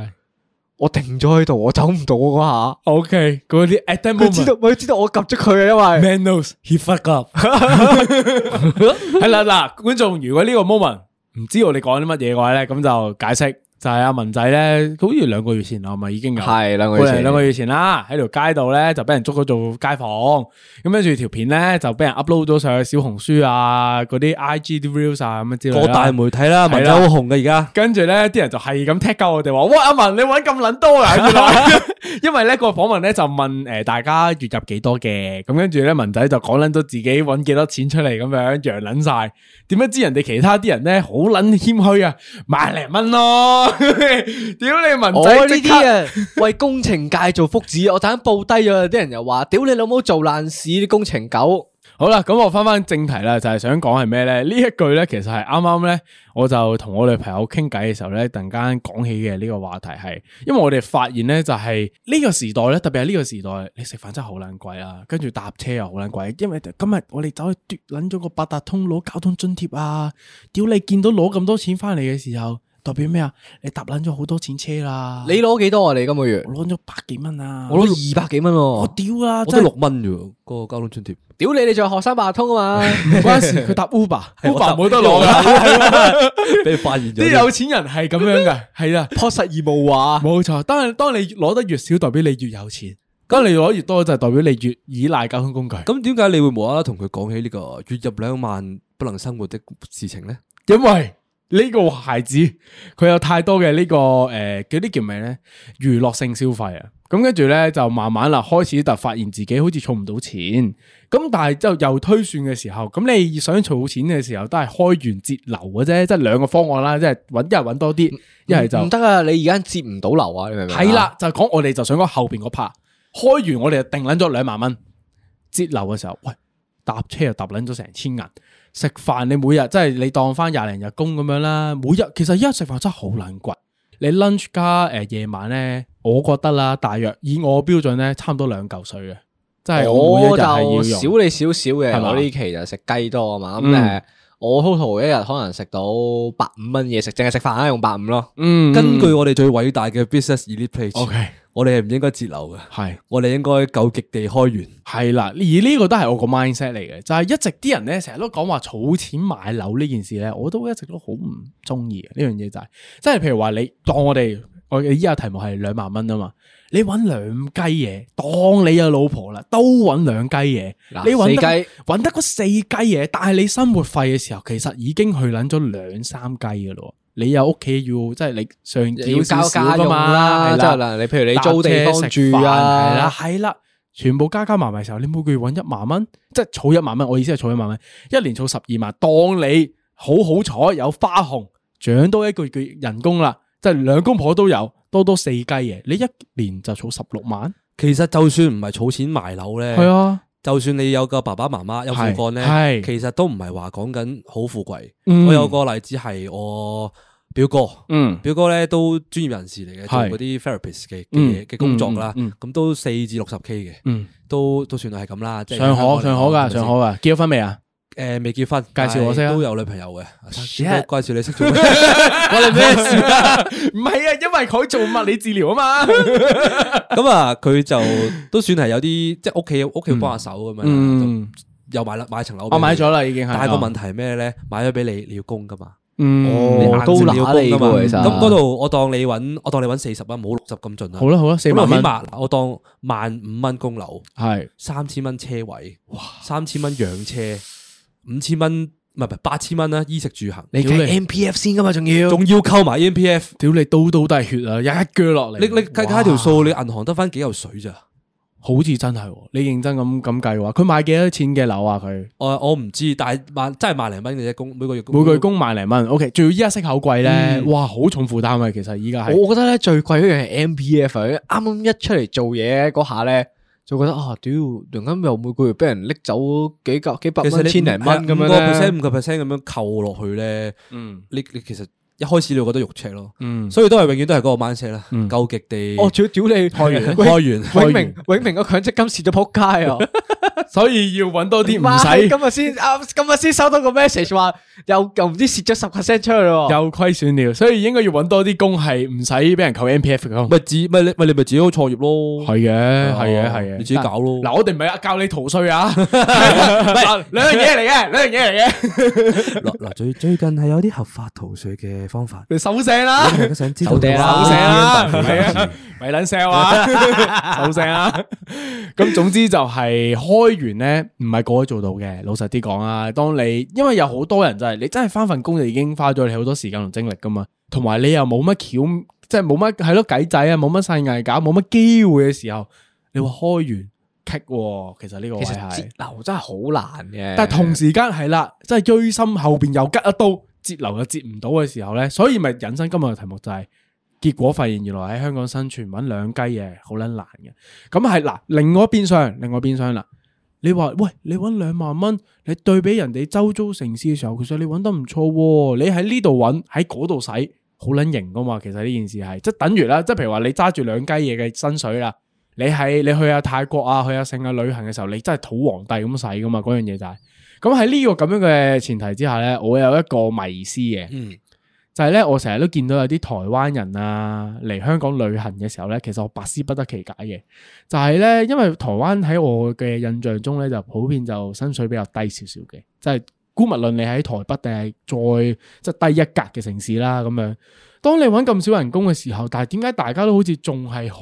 我停咗喺度，我走唔到嗰下。O K，嗰啲 at the moment，佢知道，佢知道我夾咗佢啊，因為 man knows he fucked up。係啦，嗱，觀眾如果呢個 moment 唔知道你講啲乜嘢嘅話咧，咁就解釋。就係阿、啊、文仔咧，好似兩個月前啊咪已經有，係兩個月前，兩個月前啦，喺條的街度咧就俾人捉咗做街訪，咁跟住條片咧就俾人 upload 咗上去小紅書啊，嗰啲 IG 啲 reels 啊咁啊之類，各大媒體啦，的文仔好紅嘅而家，跟住咧啲人就係咁踢鳩我哋話，哇文你揾咁撚多啊， 因為咧、那個訪問咧就問誒、呃、大家月入幾多嘅，咁跟住咧文仔就講撚咗自己揾幾多錢出嚟咁樣，揚撚晒。點樣知人哋其他啲人咧好撚謙虛啊，萬零蚊咯。 屌你文仔！呢啲、哦、刻啊， 為工程界做福祉。我等緊報低咗，啲 人又話，屌你老母做爛事，啲工程狗。好啦，咁我翻翻正題啦，就係、是想講係咩咧？呢一句咧，其實係啱啱咧，我就同我女朋友傾偈嘅時候咧，突然間講起嘅呢個話題係，因為我哋發現咧，就係呢個時代咧，特別係呢個時代，你食飯真係好撚貴啦，跟住搭車又好撚貴。因為今日我哋走去嘟撚咗個八達通攞交通津貼啊！屌你見到攞咁多錢翻嚟嘅時候。代表咩啊？你搭捻咗好多錢車啦！你攞幾多啊？你今個月，我攞咗百幾蚊啊！我攞二百幾蚊喎！我屌啦！真係六蚊啫，個交通津貼。屌你！你仲係學生八達通啊嘛？唔關事，佢搭 Uber，Uber 冇得攞噶。你發現咗啲有錢人係咁樣噶？係啊，樸實而無華。冇錯，但係當你攞得越少，代表你越有錢；當你攞越多，就係代表你越依賴交通工具。咁點解你會無啦啦同佢講起呢個月入兩萬不能生活的事情咧？因為呢個孩子佢有太多嘅、這個呃、呢個誒叫啲叫咩咧？娛樂性消費啊，咁跟住咧就慢慢啦開始就發現自己好似儲唔到錢，咁但係就又推算嘅時候，咁你想儲錢嘅時候都係開源節流嘅啫，即係兩個方案啦，即係搵一係搵多啲，一係、嗯、就唔得啊！你而家節唔到流啊？係啦，就講我哋就想講後邊個 part，開完我哋就定捻咗兩萬蚊，節流嘅時候，喂搭車又搭捻咗成千銀。食飯，你每日即係你當翻廿零日工咁樣啦，每日其實依家食飯真係好難掘，你 lunch 加誒、呃、夜晚咧，我覺得啦，大約以我標準咧，差唔多兩嚿水嘅，即係我、哦、就少你少少嘅，吧我呢期就食雞多啊嘛，咁誒吧，我好彩、嗯、一日可能食到百五蚊嘢食，淨係食飯啊，用百五咯，嗯，嗯根據我哋最偉大嘅 business elite page，okay. 我哋係唔應該節流嘅，係的我哋應該夠極地開源。係啦，而呢個都係我個 mindset 嚟嘅，就係、是、一直啲人咧，成日都講話儲錢買樓呢件事咧，我都一直都好唔中意呢樣嘢就係、是，即係譬如話你當我哋我嘅依家題目係兩萬蚊啊嘛，你搵兩雞嘢，當你有老婆啦，都搵兩雞嘢，喏你搵得搵雞得嗰四雞嘢，但係你生活費嘅時候，其實已經去捻咗兩三雞嘅咯。你有屋企要，即係你上少少噶嘛，係啦。你的譬如你租地方住啊，係啦，係啦，全部加加埋埋時候，你每個月搵一萬蚊，即係儲一萬蚊。我意思係儲一萬蚊，一年儲十二萬，當你好好彩，有花紅，長多一個月嘅人工啦，即係兩公婆都有，多多四雞嘅。你一年就儲十六萬。其實就算唔係儲錢買樓咧，係啊。就算你有個爸爸媽媽有副干咧，其實都唔係話講緊好富貴。我有個例子係我表哥，表哥咧，都專業人士嚟嘅，做嗰啲 therapist 嘅嘅工作啦，咁都四至六十 K 嘅，都都算係咁啦。即係，尚可尚可噶，尚可啊，結咗婚未啊？誒，未結婚，介紹我識。都有女朋友嘅。介紹你識？做咩關你咩事啊？唔係啊，因為佢做物理治療啊嘛。咁啊，佢就都算係有啲，即係屋企屋企幫下手咁樣。又買啦，買層樓。我買咗啦，已經係。但係個問題咩咧？買咗俾你，你要供噶嘛？嗯，高難度噶嘛。咁嗰度我當你搵，我當你搵四十蚊，冇六十咁盡啦。好啦好啦，四萬蚊，我當萬五蚊供樓，係三千蚊車位，三千蚊養車。五千蚊，唔係唔係八千蚊啦、啊，衣食住行。你計 M P F 先噶嘛，仲要仲要扣埋 M P F，屌你刀刀都係血啊，一腳落嚟。你條數哇你計下條數，你銀行得翻幾嚿水咋？好似真係，你認真咁咁計話，佢買幾多錢嘅樓啊？佢、哦、我我唔知，但係萬真係萬零蚊嘅工，每個月工每個月工萬零蚊。O K，仲要依家息口貴咧。嗯、哇，好重負擔啊！其實依家係。我覺得咧最貴一樣係 M P F，啱啱一出嚟做嘢嗰下咧。就覺得啊屌，突然間又每個月俾人拎走幾百幾百蚊、千零蚊咁樣咧，個 percent、五個 percent 咁樣扣落去咧。嗯，你你其實一開始你會覺得肉赤咯。嗯，所以都係永遠都係嗰個班車啦，夠極地。哦，仲要屌你開完開完永明永明個強積金蝕咗仆街啊！所以要揾多啲唔使。今日先啊，今日先收到個 message 話。又又唔知蝕咗十個 percent 出去喎，又虧損了，所以應該要揾多啲工係唔使俾人扣 MPF 噶。咪自咪你咪你咪自己創業咯。係嘅，係嘅，係嘅，你自己搞咯。嗱，我哋唔係教你逃稅啊，嗱兩樣嘢嚟嘅，兩樣嘢嚟嘅。嗱嗱，最最近係有啲合法逃稅嘅方法，收聲啦！收聲啦！收聲啦！咪捻聲啊，收聲啦！咁總之就係開完咧，唔係個個做到嘅。老實啲講啊，當你因為有好多人。你真係返份工就已經花咗你好多時間同精力㗎嘛，同埋你又冇乜橋，即係冇乜係咯計仔啊，冇乜細藝搞，冇乜機會嘅時候，你話開源棘，其實呢個節流真係好難嘅。但係同時間係啦，即係追心後邊又拮一刀，節流又截唔到嘅時候咧，所以咪引申今日嘅題目就係、是，結果發現原來喺香港生存搵兩雞嘢好撚難嘅。咁係嗱，另外一邊廂，另外邊廂啦。你話喂，你揾兩萬蚊，你對比人哋周遭城市嘅時候，其實你揾得唔錯喎。你喺呢度揾，喺嗰度使，好撚型噶嘛。其實呢件事係即係等於啦，即係譬如話你揸住兩雞嘢嘅薪水啦，你係你去下泰國啊，去下聖亞旅行嘅時候，你真係土皇帝咁使噶嘛。嗰、就是、樣嘢就係咁，喺呢個咁樣嘅前提之下呢，我有一個迷思嘅。嗯就係咧，我成日都見到有啲台灣人啊嚟香港旅行嘅時候咧，其實我百思不得其解嘅。就係咧，因為台灣喺我嘅印象中咧，就普遍就薪水比較低少少嘅，即係姑勿論你喺台北定係再即係低一格嘅城市啦咁樣。當你揾咁少人工嘅時候，但係點解大家都好似仲係好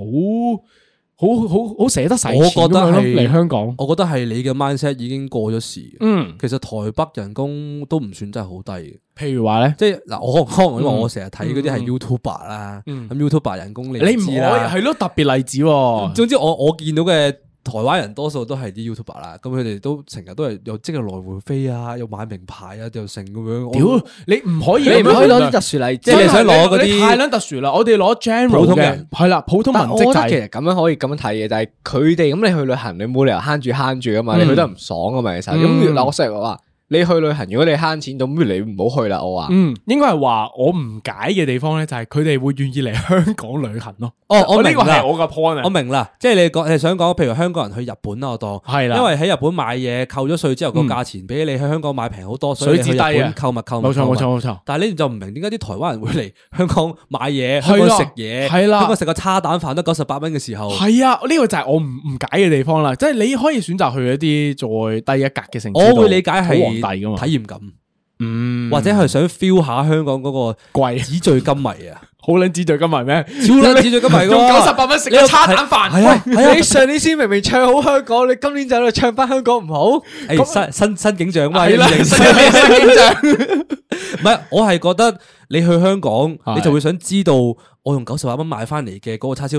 好好好捨得使錢咯，嚟香港，我覺得係你嘅 mindset 已經過咗時，嗯，其實台北人工都唔算真係好低。譬如話咧，即係嗱，我可能因為我成日睇嗰啲係 YouTuber 啦、嗯，咁 YouTuber 人工你、嗯、你唔可以係咯，特別例子喎、哦。總之我我見到嘅。台灣人多數都係啲 YouTuber 啦，咁佢哋都成日都係又即係來回飛啊，又買名牌啊，又成咁樣。屌，你唔可以，你唔可以攞啲特殊例，你即係使攞嗰啲太撚特殊啦。我哋攞 general 嘅，係啦，普通文職仔、就係、其實咁樣可以咁樣睇嘅，但係佢哋咁你去旅行你冇理由慳住慳住㗎嘛，嗯、你去得唔爽㗎嘛其實。咁嗱、嗯、我成日話。你去旅行，如果你慳錢到，咁你唔好去啦。我話，嗯，應該係話我唔解嘅地方咧，就係佢哋會願意嚟香港旅行咯。哦，我呢個係我個 point，我明啦。即係你講，你想講，譬如香港人去日本啦，我當係啦。因為喺日本買嘢扣咗稅之後，個價錢比你喺香港買平好多。水，所以去日本購物購物，冇錯冇錯冇錯。但係呢度就唔明，點解啲台灣人會嚟香港買嘢、去食嘢？係啦，去食個叉蛋飯得九十八蚊嘅時候，係啊，呢個就係我唔唔解嘅地方啦。即係你可以選擇去一啲再低一格嘅城市，我會理解係。體驗感，嗯，或者係想 feel 下香港嗰個貴，紙醉金迷啊，好撚紙醉金迷咩？超撚紙醉金迷，用九十八蚊食咗叉蛋飯，係啊，係啊！你上年先明明唱好香港，你今年就喺度唱翻香港唔好？誒，新新新景象啊嘛，二零新景象！唔係，我係覺得你去香港，你就會想知道我用九十八蚊買翻嚟嘅嗰個叉燒。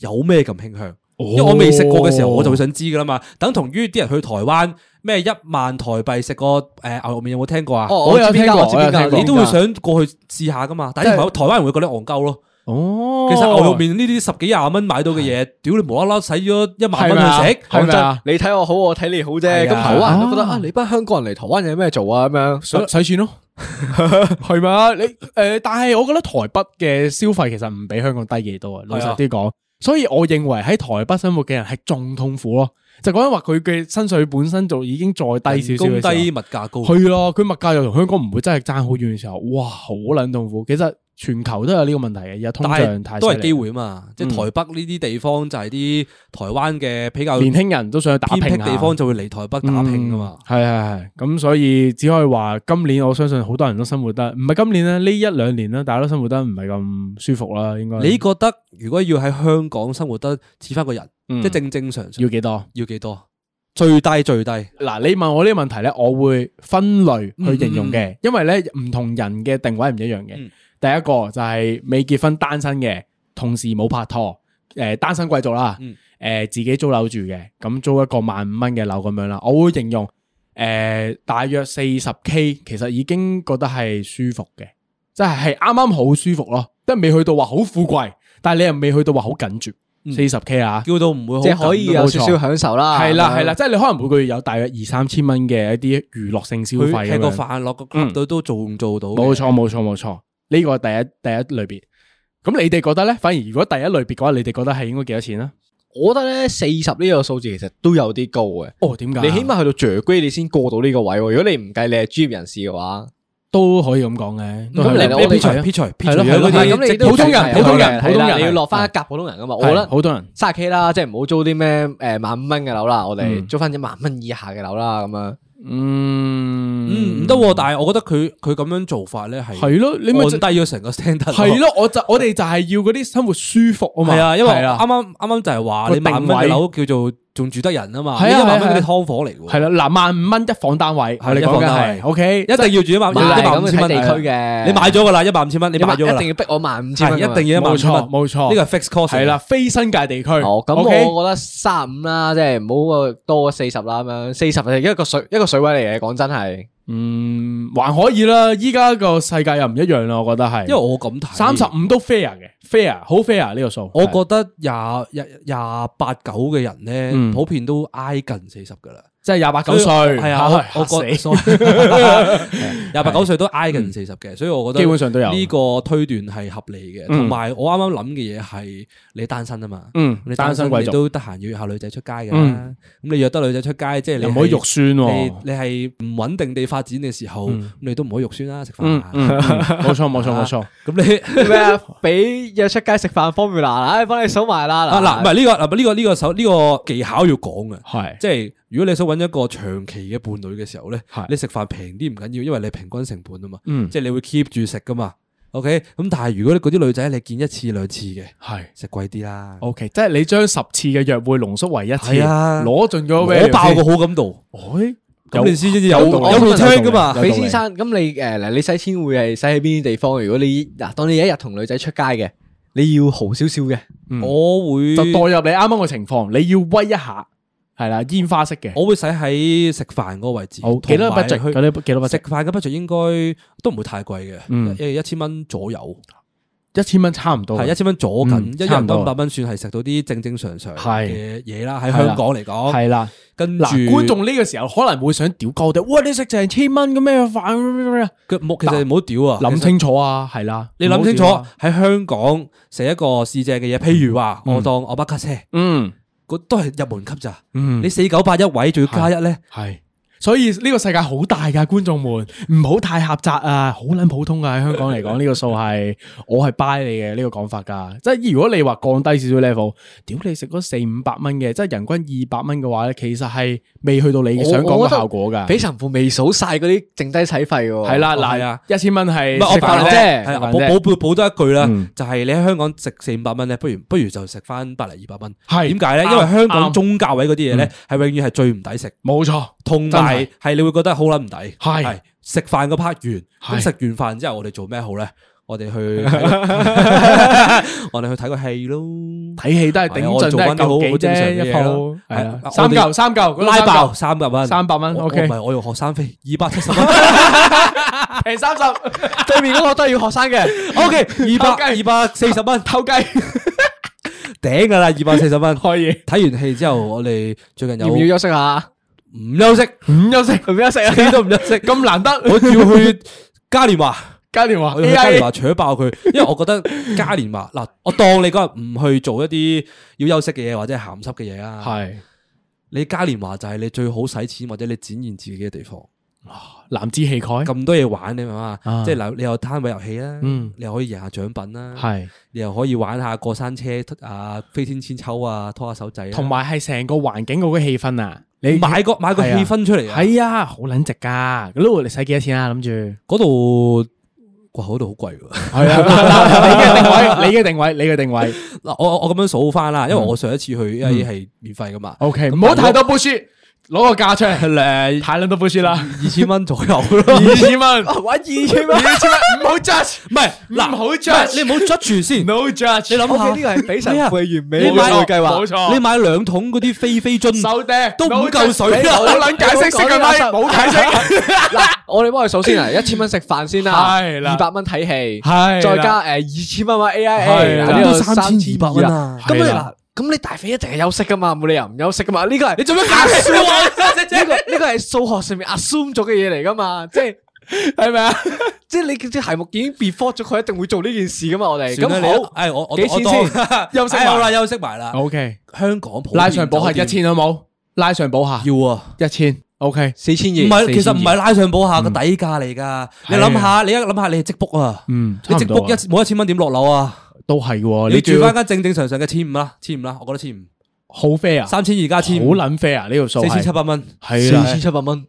有咩咁傾向？因為我未食過嘅時候，我就會想知噶啦嘛。等同於啲人去台灣咩一萬台幣食個誒牛肉麵，有冇聽過啊？我有聽過，你都會想過去試下噶嘛？就是、但係台台灣人會覺得戇鳩咯。哦，其實外面呢啲十幾廿蚊買到嘅嘢，屌是你無啦啦使咗一萬蚊去食，係咪啊？你睇我好，我睇你好啫。咁好啊，都覺得啊，啊，你班香港人嚟台灣有咩做啊？咁樣使使錢咯，係嘛？你誒、呃，但係我覺得台北嘅消費其實唔比香港低幾多，老實啲講。所以我認為喺台北生活嘅人係仲痛苦咯，就講緊話佢嘅薪水本身就已經再低少少低物價高，高。係咯、啊，佢物價又同香港唔會真係爭好遠嘅時候，哇，好撚痛苦。其實。全球都有呢個問題嘅，而家通脹太犀利。是都係機會啊嘛，嗯、即係台北呢啲地方就係啲台灣嘅比較年輕人都想去打拼，嗯、地方，就會嚟台北打拼噶嘛。係係係，咁所以只可以話今年我相信好多人都生活得，唔係今年咧，呢一兩年咧，大家都生活得唔係咁舒服啦。應該你覺得如果要喺香港生活得似翻個人，嗯、即係正正常常，要幾多？要幾多？最低最低。嗱，你問我呢個問題咧，我會分類去形容嘅，嗯嗯、因為咧唔同人嘅定位唔一樣嘅。嗯。第一個就係未結婚單身嘅，同時冇拍拖，誒，單身貴族啦，誒，自己租樓住嘅，咁租一個萬五蚊嘅樓咁樣啦，我會形容，誒，大約四十 k，其實已經覺得係舒服嘅，即係係啱啱好舒服咯，都未去到話好富貴，但係你又未去到話好緊住，四十 k 啊，叫到唔會即係可以有少少享受啦，係啦係啦，即係你可能每個月有大約二三千蚊嘅一啲娛樂性消費，食個飯落個 club 都都做做到，冇錯冇錯冇錯。呢個第一第一類別，咁你哋覺得咧？反而如果第一類別嘅話，你哋覺得係應該幾多錢咧？我覺得咧四十呢個數字其實都有啲高嘅。哦，點解？你起碼去到 Jagger 你先過到呢個位。如果你唔計你係專業人士嘅話，都可以咁講嘅。咁你你 P 咁你普通人普通人普通人，要落翻一格普通人噶嘛？我覺得好多人卅 K 啦，即係唔好租啲咩誒萬五蚊嘅樓啦。我哋租翻一萬蚊以下嘅樓啦，咁啊，嗯。嗯，唔得，但係我覺得佢佢咁樣做法咧係，係咯，你咪低咗成個 standard。係咯，我就我哋就係要嗰啲生活舒服啊嘛。係啊，因為啱啱啱啱就係話你萬蚊樓叫做仲住得人啊嘛。係啊，係啊，啲劏房嚟喎。係啦，嗱，萬五蚊一房單位，你講緊係 OK，一定要住一萬，你一萬五千蚊地區嘅，你買咗㗎啦，一萬五千蚊，你買咗。一定要逼我萬五千蚊，一定要一萬五千蚊，冇錯冇錯，呢個 fixed cost 係啦，非新界地區。我覺得三五啦，即係唔好多四十啦咁樣，四十一個水一個水位嚟嘅，講真係。嗯，還可以啦，依家個世界又唔一樣啦，我覺得係，因為我咁睇，三十五都 fair 嘅，fair 好 fair 呢個數，我覺得廿、廿、廿八九嘅人咧，普遍都挨近四十噶啦。即係廿八九歲，係啊，我覺廿八九歲都挨近四十嘅，所以我覺得基本上都有呢個推斷係合理嘅。同埋我啱啱諗嘅嘢係你單身啊嘛，你單身你都得閒要約下女仔出街嘅，咁你約得女仔出街，即係你唔可以肉酸喎。你係唔穩定地發展嘅時候，你都唔可以肉酸啦，食飯。冇錯冇錯冇錯。咁你咩啊？俾約出街食飯方面啦，嗱，幫你數埋啦。啊嗱，唔係呢個，嗱呢個呢個手呢個技巧要講嘅，係即係。如果你想揾一個長期嘅伴侶嘅時候咧，是的 你食飯平啲唔緊要，因為你平均成本啊嘛，嗯、即係你會 keep 住食噶嘛。OK，咁但係如果嗰啲女仔你見一次兩次嘅，係食貴啲啦。OK，即係你將十次嘅約會濃縮為一次，攞盡咗，攞爆個好感度。哎、哦，你有段先先有，有段聽噶嘛。肥先生，咁你誒嗱，你使錢會係使喺邊啲地方？如果你嗱，當你有一日同女仔出街嘅，你要豪少少嘅。嗯、我會就代入你啱啱嘅情況，你要威一下。係啦，煙花式嘅，我會使喺食飯嗰個位置。好，幾多 budget 幾多 budget 食飯嘅 budget 應該都唔會太貴嘅，一一千蚊左右，一千蚊差唔多，係一千蚊左近，差唔多百蚊算係食到啲正正常常嘅嘢啦。喺香港嚟講，係啦，跟住觀眾呢個時候可能會想屌高啲，喂，你食成千蚊嘅咩飯？佢冇，其實你唔好屌啊，諗清楚啊，係啦，你諗清楚喺香港食一個試正嘅嘢，譬如話我當我包卡車，嗯。個都係入門級咋，嗯，你四九八一位仲要加一呢。所以呢個世界好大噶，觀眾們唔好太狹窄啊！好捻普通噶喺香港嚟講，呢個數係我係 buy 你嘅呢個講法噶。即係如果你話降低少少 level，屌你食嗰四五百蚊嘅，即係人均二百蚊嘅話咧，其實係未去到你想講嘅效果噶。俾神父未數晒嗰啲剩低使費喎。係啦的，嗱、哦，一千蚊係食飯啫係啦補補多一句啦，嗯、就係你喺香港食四五百蚊咧，不如不如就食翻百零二百蚊。係點解咧？因為香港中價位嗰啲嘢咧，係永遠係最唔抵食。冇錯，同係係，你會覺得好捻唔抵。係食飯嗰 part 完，食完飯之後，我哋做咩好咧？我哋去，我哋去睇個戲咯。睇戲都係頂陣，做返啲好正常嘅嘢。係啊，三嚿三嚿，拉爆三嚿蚊，三百蚊。O K，我用學生飛，二百七十蚊，平三十。對面嗰個都係要學生嘅。O K，二百二百四十蚊偷雞，頂噶啦，二百四十蚊。可以。睇完戲之後，我哋最近又要唔要休息下？唔休息，唔休息係咩休息啊？死都唔休息，咁 難得。我要去嘉年華， 嘉年華，嘉年華，坐爆佢。因為我覺得嘉年華嗱， 我當你嗰日唔去做一啲要休息嘅嘢，或者咸濕嘅嘢啊。係是你嘉年華就係你最好使錢或者你展現自己嘅地方。男子氣概咁多嘢玩，你明嘛，即係嗱，你有攤位遊戲啦，你又可以贏下獎品啦，係，你又可以玩下過山車啊、飛天千秋啊、拖下手仔，同埋係成個環境嗰個氣氛啊，你買個買個氣氛出嚟，係啊，好撚值噶。你使幾多錢啊？諗住嗰度，哇，嗰度好貴噶，係啊，你嘅定位，你嘅定位，你嘅定位，嗱，我我咁樣數翻啦，因為我上一次去因為係免費噶嘛，OK，唔好太多本書。攞個價出嚟，太撚多杯水啦，二千蚊左右咯，二千蚊，玩二千蚊，二千蚊唔好 judge，唔係，唔好 judge，你唔好 judge 住先，唔好 judge，你諗下呢個係非常之完美，嘅計劃，冇錯，你買兩桶嗰啲飛飛樽，收定都唔夠水啦，我諗解釋先啦，冇解釋。嗱，我哋幫佢數先啊，一千蚊食飯先啦，係，二百蚊睇戲，係，再加誒二千蚊買 AIA，呢個三千二百蚊啊，咁你。咁你大肥一定係休息噶嘛，冇理由唔休息噶嘛。呢個係你做咩搞笑啊？呢個呢個係數學上面 assume 咗嘅嘢嚟噶嘛，即係係咪啊？即係你啲題目已經 before 咗，佢一定會做呢件事噶嘛。我哋咁好，唉，我我我幾錢先？休息好啦，休息埋啦。OK，香港普。拉上補下一千好冇？拉上補下要啊，一千 OK，四千二。唔係，其實唔係拉上補下個底價嚟噶你諗下，你一諗下，你係積卜啊？嗯，差唔多。冇一千蚊點落樓啊？都係喎，你住翻間正正常常嘅千五啦，千五啦，我覺得千五好飛啊，三千二加千五，好捻飛啊，呢個數四千七百蚊，係四千七百蚊，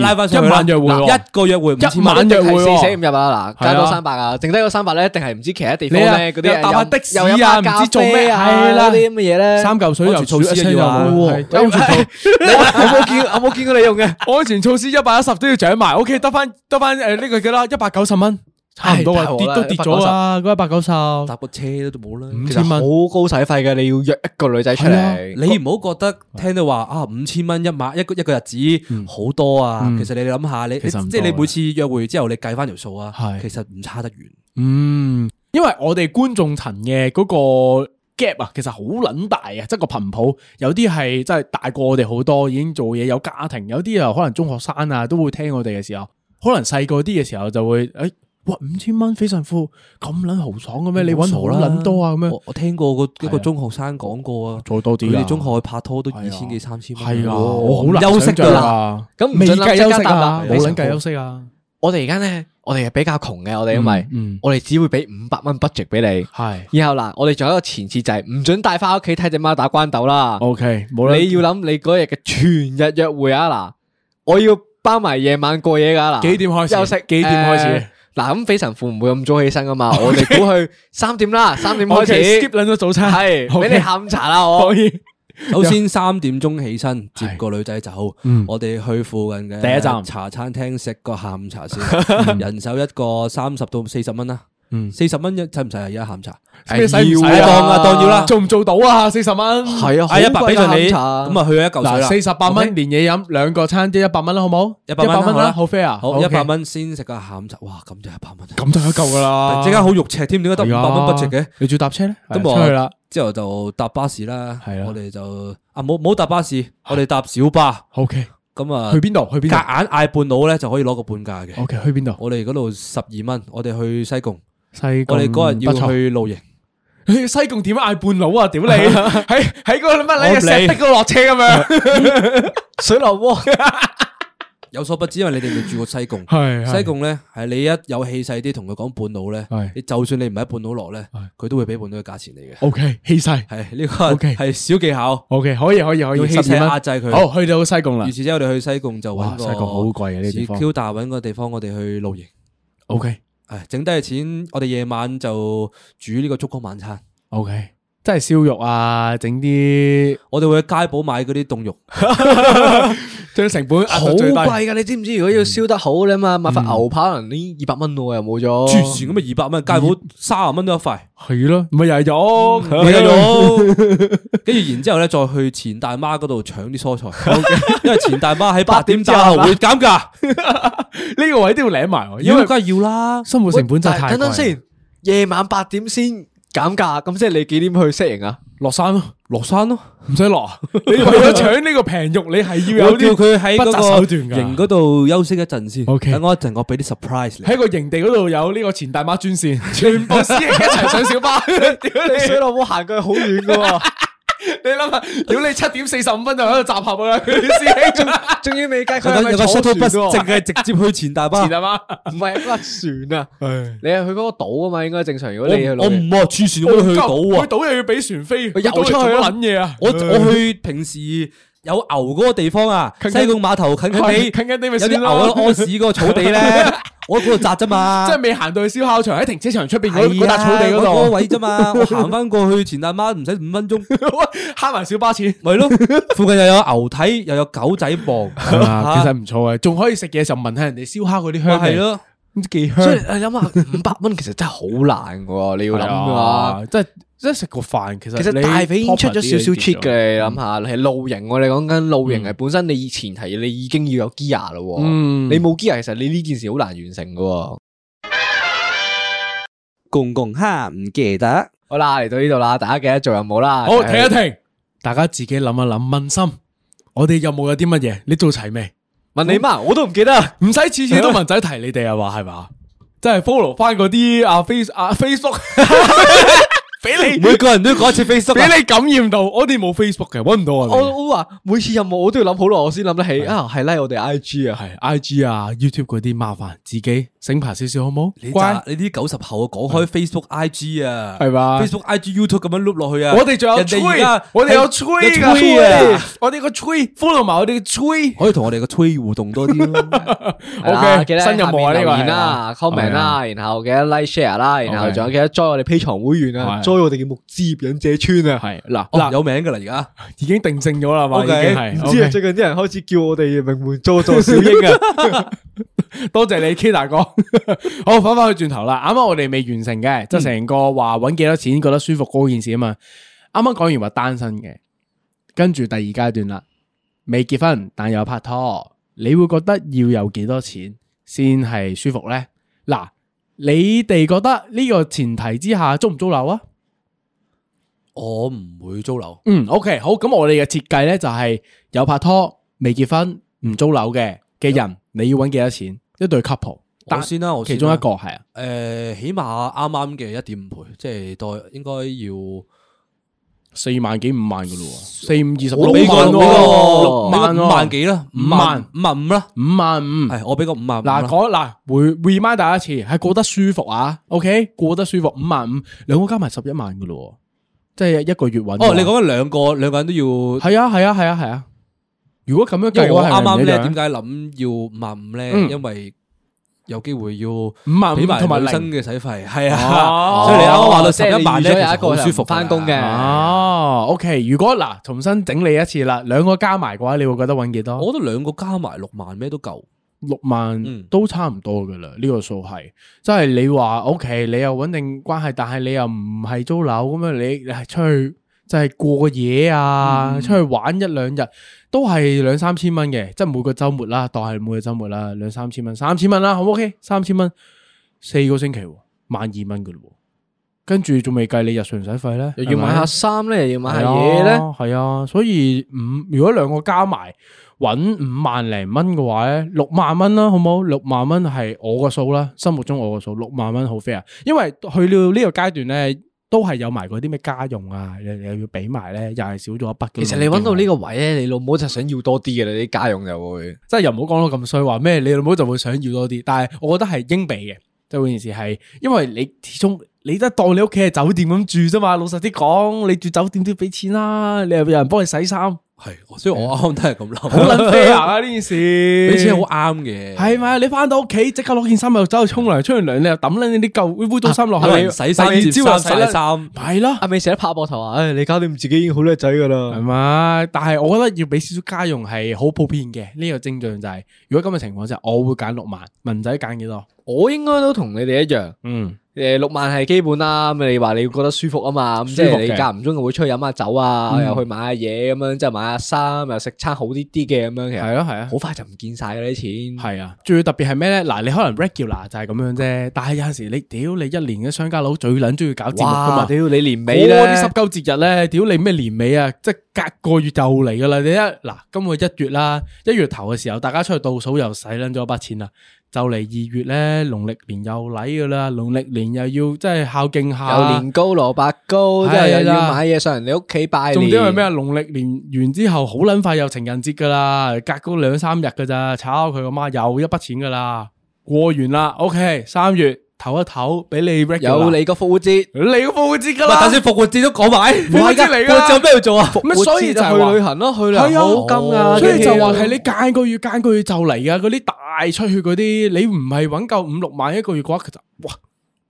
拉翻上啦，一晚約會一個約會，一晚約會四千五入啊，嗱加多三百啊，剩低嗰三百咧，一定係唔知其他地方咧嗰啲人搭的士又唔知做咩啊，嗰啲咁嘅嘢咧，三嚿水安全措施又冇有冇見有冇見過你用嘅安全措施一百一十都要漲埋，OK 得翻得翻誒呢個幾多一百九十蚊。係跌都跌咗啦，嗰個八九十搭個車都冇啦，五千蚊好高使費嘅，你要約一個女仔出嚟，你唔好覺得聽到話啊五千蚊一晚一個一個日子好多啊，其實你諗下你即係你每次約會之後你計翻條數啊，其實唔差得完。嗯，因為我哋觀眾層嘅嗰個 gap 啊，其實好撚大啊，即係個頻譜有啲係真係大過我哋好多，已經做嘢有家庭，有啲又可能中學生啊都會聽我哋嘅時候，可能細個啲嘅時候就會誒。哇！五千蚊匪神父咁捻豪爽嘅咩？你搵我捻多啊？咁樣我我聽過個一個中學生講過啊，再多啲，佢哋中學去拍拖都二千幾三千蚊，係啊，我好難想象啊。咁未計休息啊？冇捻計休息啊？我哋而家咧，我哋係比較窮嘅，我哋因為，嗯，我哋只會俾五百蚊 budget 俾你，係。然後嗱，我哋仲有一個前置就係唔准帶翻屋企睇隻貓打關斗啦。OK，冇。你要諗你嗰日嘅全日約會啊嗱，我要包埋夜晚過夜噶嗱，幾點開始休息？幾點開始？嗱，咁匪神父唔會咁早起身噶嘛？Okay. 我哋估佢三點啦，三點開始 skip 咗早餐，係俾你下午茶啦，Okay. 我。可以。首先三點鐘起身是接個女仔走，嗯、我哋去附近嘅第一站茶餐廳食個下午茶先， 人手一個三十到四十蚊啦。 四十蚊一使唔使啊？而家下午茶，要當啊當要啦，做唔做到啊？四十蚊係啊，係一百，俾你咁啊去咗一嚿水啦，四十八蚊連嘢飲兩個餐即一百蚊啦，好唔好？一百蚊啦，好飛啊！好一百蚊先食個下午茶，哇！咁就一百蚊，咁就一嚿噶啦，陣間好肉赤添，點解得一百蚊不值嘅？你仲要搭車咧？都冇出去啦，之後就搭巴士啦。係啦，我哋就啊冇冇搭巴士，我哋搭小巴。O K，咁啊去邊度？去邊？夾硬嗌半佬咧就可以攞個半價嘅。O K，去邊度？我哋嗰度十二蚊，我哋去西貢。西貢我哋嗰日要去露營，西貢點嗌半老啊？屌你，喺喺嗰個乜嘢石壁嗰度落車咁樣，水流。有所不知，因為你哋未住過西貢，西貢咧係你一有氣勢啲，同佢講半老咧，你就算你唔喺半老落咧，佢都會俾半老嘅價錢你嘅。O K，氣勢係呢個，O K 係小技巧。O K，可以可以可以，要氣勢壓制佢。好，去到西貢啦。然之後我哋去西貢就哇，西貢好貴啊！呢啲地方，Q 大搵個地方，我哋去露營。O K。誒，整低嘅錢，我哋夜晚就煮呢個燭光晚餐。OK，即係燒肉啊，整啲，我哋會喺街寶買嗰啲凍肉。 將成本壓到最低。好貴噶，你知唔知？如果要燒得好咧嘛，買份牛扒可能呢二百蚊又冇咗。完全咁咪二百蚊，街鋪卅蚊都一塊。係咯，咪又係肉，又係肉。跟住然之後咧，再去錢大媽嗰度搶啲蔬菜， 因為錢大媽喺八點之後會減價。呢 個位都要舐埋，因為梗係要啦。生活成本就係。等等先，夜晚八點先減價，咁即係你幾點去適應啊？落山咯、啊，落山咯、啊，唔使落。你為咗搶呢個平肉， 你係要有啲不擇手段噶。我叫佢喺嗰個營嗰度休息一陣先。Okay 等我一陣，我俾啲 surprise 你。喺個營地嗰度有呢個錢大媽專線， 全部私人一齊上小巴。 你水老母行過去好遠噶。 你諗下，屌你七點四十五分就喺度集合啦，啲司機仲仲要未計佢係坐船，淨係直接去前大巴，前大巴唔係船啊！船啊 你係去嗰個島啊嘛？應該正常。如果你去我唔坐船，我，我可以去島，啊，去島又要俾船飛，又出去捻嘢啊！我我去平時有牛嗰個地方啊，西貢碼頭近近地，近近地咪有啲牛喺屙屎嗰個草地咧。 我喺嗰度紮啫嘛，即係未行到去燒烤場，喺停車場出邊嗰嗰笪草地嗰度嗰個位啫嘛， 我行翻過去前大媽唔使五分鐘，慳埋 小巴士，咪咯。 附近又有牛睇，又有狗仔搏，啊啊、其實唔錯嘅，仲可以食嘢時候聞下人哋燒烤嗰啲香味咯。啊所以諗下五百蚊其實真係好難嘅，你要諗啊，即係即係食個飯其實。其實大肥已經出咗少少 check 嘅，諗下係露營，我哋講緊露營係本身你前提你已經要有 gear 啦，你冇 gear 其實你呢件事好難完成嘅。公共哈唔記得，好啦嚟到呢度啦，大家記得做任務啦。好，停一停，大家自己諗一諗問心，我哋有冇有啲乜嘢？你做齊未？問你媽，我，我都唔記得，唔使次次都問仔提你哋了啊嘛，係嘛，即係 follow 翻嗰啲阿 face 阿、啊、Facebook。 俾你每個人都講一次 Facebook，俾你感染到，我哋冇 Facebook 嘅，搵唔到我哋。我我話每次任務我都要諗好耐，我先諗得起啊，係啦我哋 IG 啊，係 IG 啊，YouTube 嗰啲麻煩自己醒爬少少好唔好？乖，你啲九十後講開 Facebook、IG 啊，係嘛？Facebook、IG、YouTube 咁樣碌落去啊！我哋仲有人哋而家，我哋有吹噶，我哋個吹 follow 埋我哋個吹，可以同我哋個吹互動多啲咯。啊，新任務啊呢個係啊，comment 啦，然後記得 like share 啦，然後仲有記得 join 我哋 Patreon 會員啊。所以我哋叫木之葉忍者村啊，係嗱嗱有名噶啦，而家已經定性咗啦嘛，okay, 已經係唔知啊。okay 最近啲人開始叫我哋名門做做小英啊， 多謝你 K 大 ina 哥。 好，返返去轉頭啦，啱啱 我哋未完成嘅，即係成個話搵幾多錢覺得舒服嗰件事啊嘛。啱啱講完話單身嘅，跟住第二階段啦，未結婚但有拍拖，你會覺得要有幾多錢先係舒服咧？嗱，你哋覺得呢個前提之下租唔租樓啊？我唔會租樓。嗯，OK，好。咁我哋嘅設計咧就係有拍拖未結婚唔租樓嘅嘅人，你要搵幾多錢？一對 couple，先啦。我其中一個係啊。誒，起碼啱啱嘅一點五倍，即係代應該要四萬幾五萬噶咯。四五二十，我俾個五萬幾啦，五萬五萬五啦，五萬五。係，我俾個五萬五。嗱，嗱，回 remind 第一次係過得舒服啊？OK，過得舒服，五萬五，兩個加埋十一萬噶咯。即係一個月穩哦！你講緊兩個，兩個人都要係啊係啊係啊係啊！如果咁樣計，我啱啱咧點解諗要五萬五咧？因為有機會要五萬五，同埋新嘅使費係啊。所以你啱啱話到十一萬咧，其實好舒服翻工嘅。哦，OK。如果嗱，重新整理一次啦，兩個加埋嘅話，你會覺得搵幾多？我覺得兩個加埋六萬咩都夠。六萬都差唔多噶啦，呢、嗯、個數係，即、就、係、是、你話 O K，你又穩定關係，但係你又唔係租樓咁樣，你你係出去就係過個夜啊，嗯、出去玩一兩日都係兩三千蚊嘅，即係每個周末啦，當係每個周末啦，兩三千蚊，三千蚊啦，好 O K，三千蚊四個星期、啊、萬二蚊噶咯，跟住仲未計你日常使費咧，又要買下衫咧，吧又要買下嘢咧，係啊，啊，啊，所以五如果兩個加埋。揾五萬零蚊嘅話咧，六萬蚊啦，好唔好？六萬蚊係我個數啦，心目中我個數六萬蚊好 fair。因為去到呢個階段咧，都係有埋嗰啲咩家用啊，又又要俾埋咧，又係少咗一筆嘅。其實你揾到呢個位咧，係，你老母就想要多啲嘅啦，你啲家用就會。即係又唔好講到咁衰，話咩你老母就會想要多啲，但係我覺得係應俾嘅，即係件事係，因為你始終你都當你屋企係酒店咁住啫嘛，老實啲講，你住酒店都要俾錢啦，你又有人幫你洗衫。係，所以我啱啱都係咁諗。好卵飛啊！呢件事，呢次好啱嘅。係咪？你翻到屋企，即刻攞件衫又走去沖涼，沖完涼你又抌甩你啲舊污污糟衫落去洗衫，二朝又洗衫。係咯，係咪成日拍膊頭啊！唉，你搞掂自己已經好叻仔噶啦。係咪？但係我覺得要俾少少家用係好普遍嘅。呢個症象就係，如果噉嘅情況就係，我會揀六萬。文仔揀幾多？我應該都同你哋一樣。嗯。誒，六萬係基本啦。咪你話你覺得舒服啊嘛？即係你間唔中會出去飲下酒啊，又去買下嘢咁樣，即係買。買衫又食餐好啲啲嘅咁樣嘅，係啊，係啊，好快就唔見晒嗰啲錢。係啊，最特別係咩咧？嗱，你可能 regular 就係咁樣啫，但係有陣時你屌你一年嘅商家佬最捻中意搞節目啊哇嘛，屌你年尾咧，嗰啲濕鳩節日咧，屌你咩年尾啊，即係隔個月就嚟噶啦，你一嗱今個一月啦，一月頭嘅時候大家出去倒數又使捻咗一筆錢啦。就嚟二月咧，農曆年又嚟噶啦，農曆年又要即係孝敬下，年糕、蘿蔔糕，即係的又要買嘢上人哋屋企拜年。重點係咩？農曆年完之後，好捻快有情人節噶啦，隔嗰兩三日噶咋，炒佢個媽又一筆錢噶啦，過完啦，OK，三月。唞一唞，俾你有你個復活節，你個復活節噶啦。唔係，就算復活節都講埋，你都知嚟噶。仲有咩要做啊？所以就去旅行咯，去旅遊金啊。所以就話係你間個月間個月就嚟噶。嗰啲大出血嗰啲，你唔係揾夠五六萬一個月嘅話，其實哇。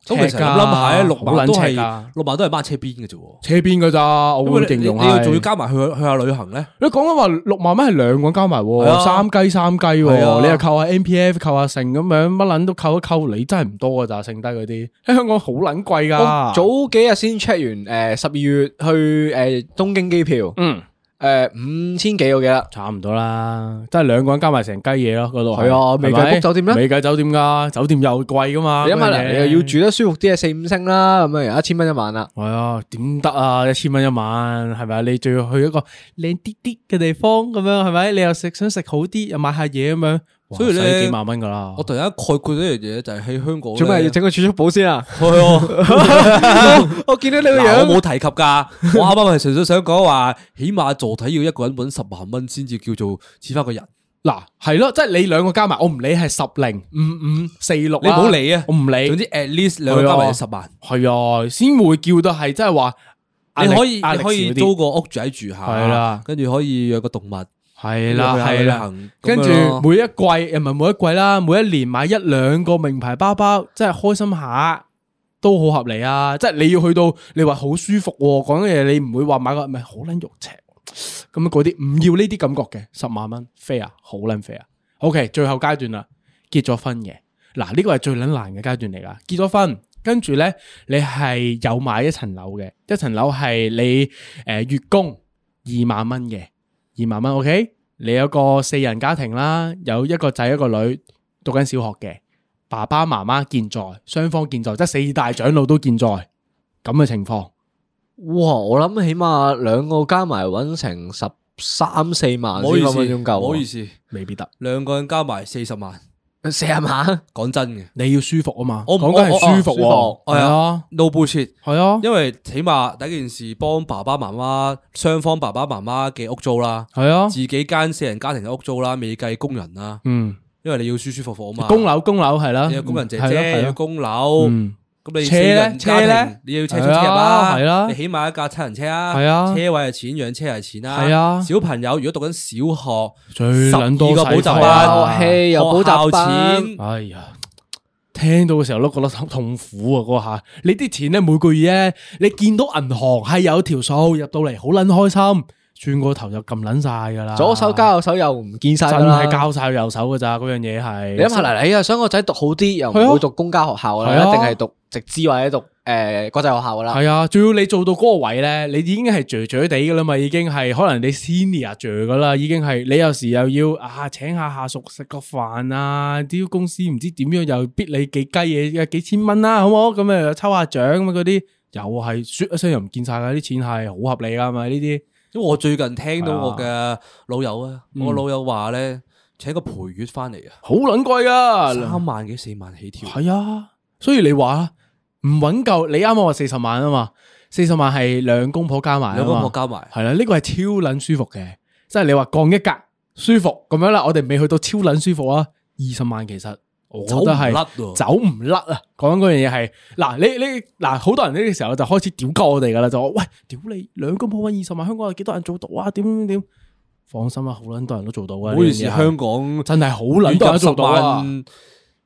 咁其實諗下，六萬 600, 都係六萬都係 mark 車邊嘅啫，車邊嘅咋？我會形容呢個你仲要加埋去去下旅行咧？你講嘅話，六萬蚊係兩個人加埋是、啊，三雞三雞，是啊、你又扣下 M P F，扣下剩咁樣，乜捻都扣一扣你，你真係唔多嘅咋？剩低嗰啲喺香港好捻貴噶。早幾日先 check 完，誒、呃，十二月去誒、呃、東京機票。嗯。誒、呃，五千幾我記啦，差唔多啦，即係兩個人加埋成雞嘢咯，嗰度係啊，未計、啊、吧酒店咩？未計酒店噶，酒店又貴噶嘛，你諗下，你又要住得舒服啲啊，四五星啦，咁樣，1, 一千蚊一晚啦，係啊，點得啊，一千蚊一晚，係咪？你仲要去一個靚啲啲嘅地方，咁樣係咪？你又食想食好啲，又買下嘢咁樣。所以呢幾萬蚊噶啦，我突然間概括咗一樣嘢就係、是、喺香港做咩要整個儲蓄保先啊？係啊，我見到你個樣，我冇提及噶，我啱啱係純粹想講話，起碼做體要一個人搵十萬蚊先至叫做似翻個人。嗱，係咯，即係你兩個加埋，我唔理係十零五五四六，你唔好理啊，我唔理。總之 at least 兩個加埋有十萬，係啊的，先會叫到係即係話，就是、你可以你可以租個屋仔住，住下，跟住的可以養個動物。係啦，係啦，的跟住每一季又唔係每一季啦，每一年買一兩個名牌包包，即係開心下都好合理啊！即係你要去到，你話好舒服、啊，講嘢你唔會話買個唔係好撚肉赤，咁樣嗰啲唔要呢啲感覺嘅，十萬蚊飛啊，好撚飛啊！OK，最後階段啦，結咗婚嘅，嗱呢、這個係最撚難嘅階段嚟啦，結咗婚，跟住咧你係有買一層樓嘅，一層樓係你誒、呃、月供二萬蚊嘅。二萬蚊，OK，你有個四人家庭啦，有一個仔一個女讀緊小學嘅，爸爸媽媽健在，雙方健在，即係四大長老都健在咁嘅情況。哇，我諗起碼兩個加埋搵成十三四萬四，唔好意思，唔、啊、好意思，未必得兩個人加埋四十萬。四萬，講真嘅，你要舒服啊嘛。我講緊係舒服，係啊，no bullshit，係啊，因為起碼第一件事幫爸爸媽媽雙方爸爸媽媽嘅屋租啦，係啊，自己間四人家庭嘅屋租啦，未計工人啦，嗯，因為你要舒舒服服啊嘛，供樓供樓係啦，有工人姐姐，要供樓。咁你四人家庭，車呢？車呢？你要車出車入啊，係啦、啊，你起碼一架七人車啊，係啊，車位係錢，養車係錢啊，係啊，小朋友如果讀緊小學，最撚多個補習班、樂器、啊啊、又補習班，哎呀，聽到嘅時候都覺得痛苦啊，嗰下，你啲錢咧每個月咧，你見到銀行係有條數入到嚟，好撚開心。轉個頭就撳捻晒噶啦，左手交右手又唔見晒啦，真係交晒右手噶咋？嗰樣嘢係你諗下嚟，你啊，想個仔讀好啲，又唔會讀公家學校啦，一定係讀直資或者讀誒、呃、國際學校噶啦。係啊，仲要你做到嗰個位咧，你已經係嚼嚼地噶啦嘛，已經係可能你 senior 噶啦，已經係你有時又要啊，請下下屬食個飯啊，啲公司唔知點樣又逼你幾雞嘢，幾千蚊啦、啊，好唔好？咁啊抽下獎咁啊嗰啲，又係說一聲又唔見晒啦，啲錢係好合理噶嘛呢啲。因為我最近聽到我嘅老友啊，我老友話咧，嗯、請個陪月翻嚟啊，好撚貴啊，三萬幾四萬起跳。係啊，所以你話唔揾夠，你啱啱話四十萬啊嘛，四十萬係兩公婆加埋啊，兩公婆加埋係啦，呢、這個係超撚舒服嘅，即係你話降一格舒服咁樣啦，我哋未去到超撚舒服啊，二十萬其實。我都係走唔甩啊！講緊嗰樣嘢係嗱，你你嗱，好多人呢個時候就開始屌鳩我哋噶啦，就話喂屌你兩公婆二十萬，香港有幾多人做到啊？點點點？放心啊，好捻多人都做到啊！嗰陣時香港真係好捻多人都做到啊！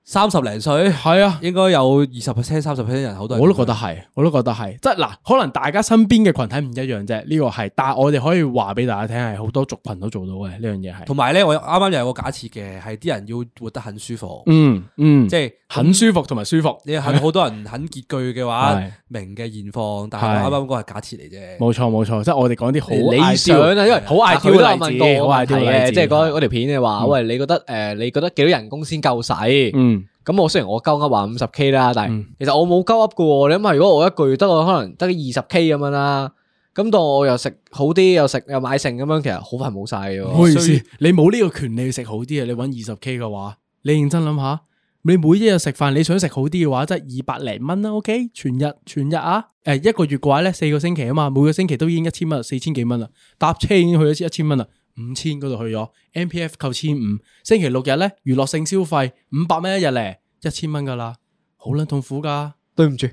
三十零歲，係啊，應該有二十 percent，三十 p e r 匹人，好多人都覺得係，我都覺得係，即係嗱，可能大家身邊嘅群體唔一樣啫，呢、這個係，但係我哋可以話俾大家聽，係好多族群都做到嘅，這個，呢樣嘢係。同埋咧，我啱啱又有個假設嘅，係啲人要活得很舒服，嗯嗯，嗯即係。很舒服同埋舒服，因為好多人很拮據嘅話是明嘅現況，但係我啱啱講係假設嚟啫。冇錯冇錯，即係我哋講啲好。你思，因為好挨跳都有的問過問題，好挨跳嘅，即係嗰條片嘅話，嗯、喂，你覺得誒，你覺得幾多人工先夠使？咁我、嗯、雖然我鳩噏話五十 K 啦，但係其實我冇鳩噏嘅喎。你諗下，如果我一個月得我可能得二十 K 咁樣啦，咁當我又食好啲，又食又買剩咁樣，其實好快冇晒。唔好意思，你冇呢個權利食好啲嘅，你揾二十 K 嘅話，你認真諗下。你每一日食飯，你想食好啲嘅話，即係二百零蚊啦。OK，全日全日啊，誒、呃，一個月嘅話咧，四個星期啊嘛，每個星期都已經一千蚊，四千幾蚊啦。搭車已經去咗一千蚊啦，五千嗰度去咗。M P F 扣千五，星期六日咧，娛樂性消費五百蚊一日咧，一千蚊噶啦，好捻痛苦噶。對唔住。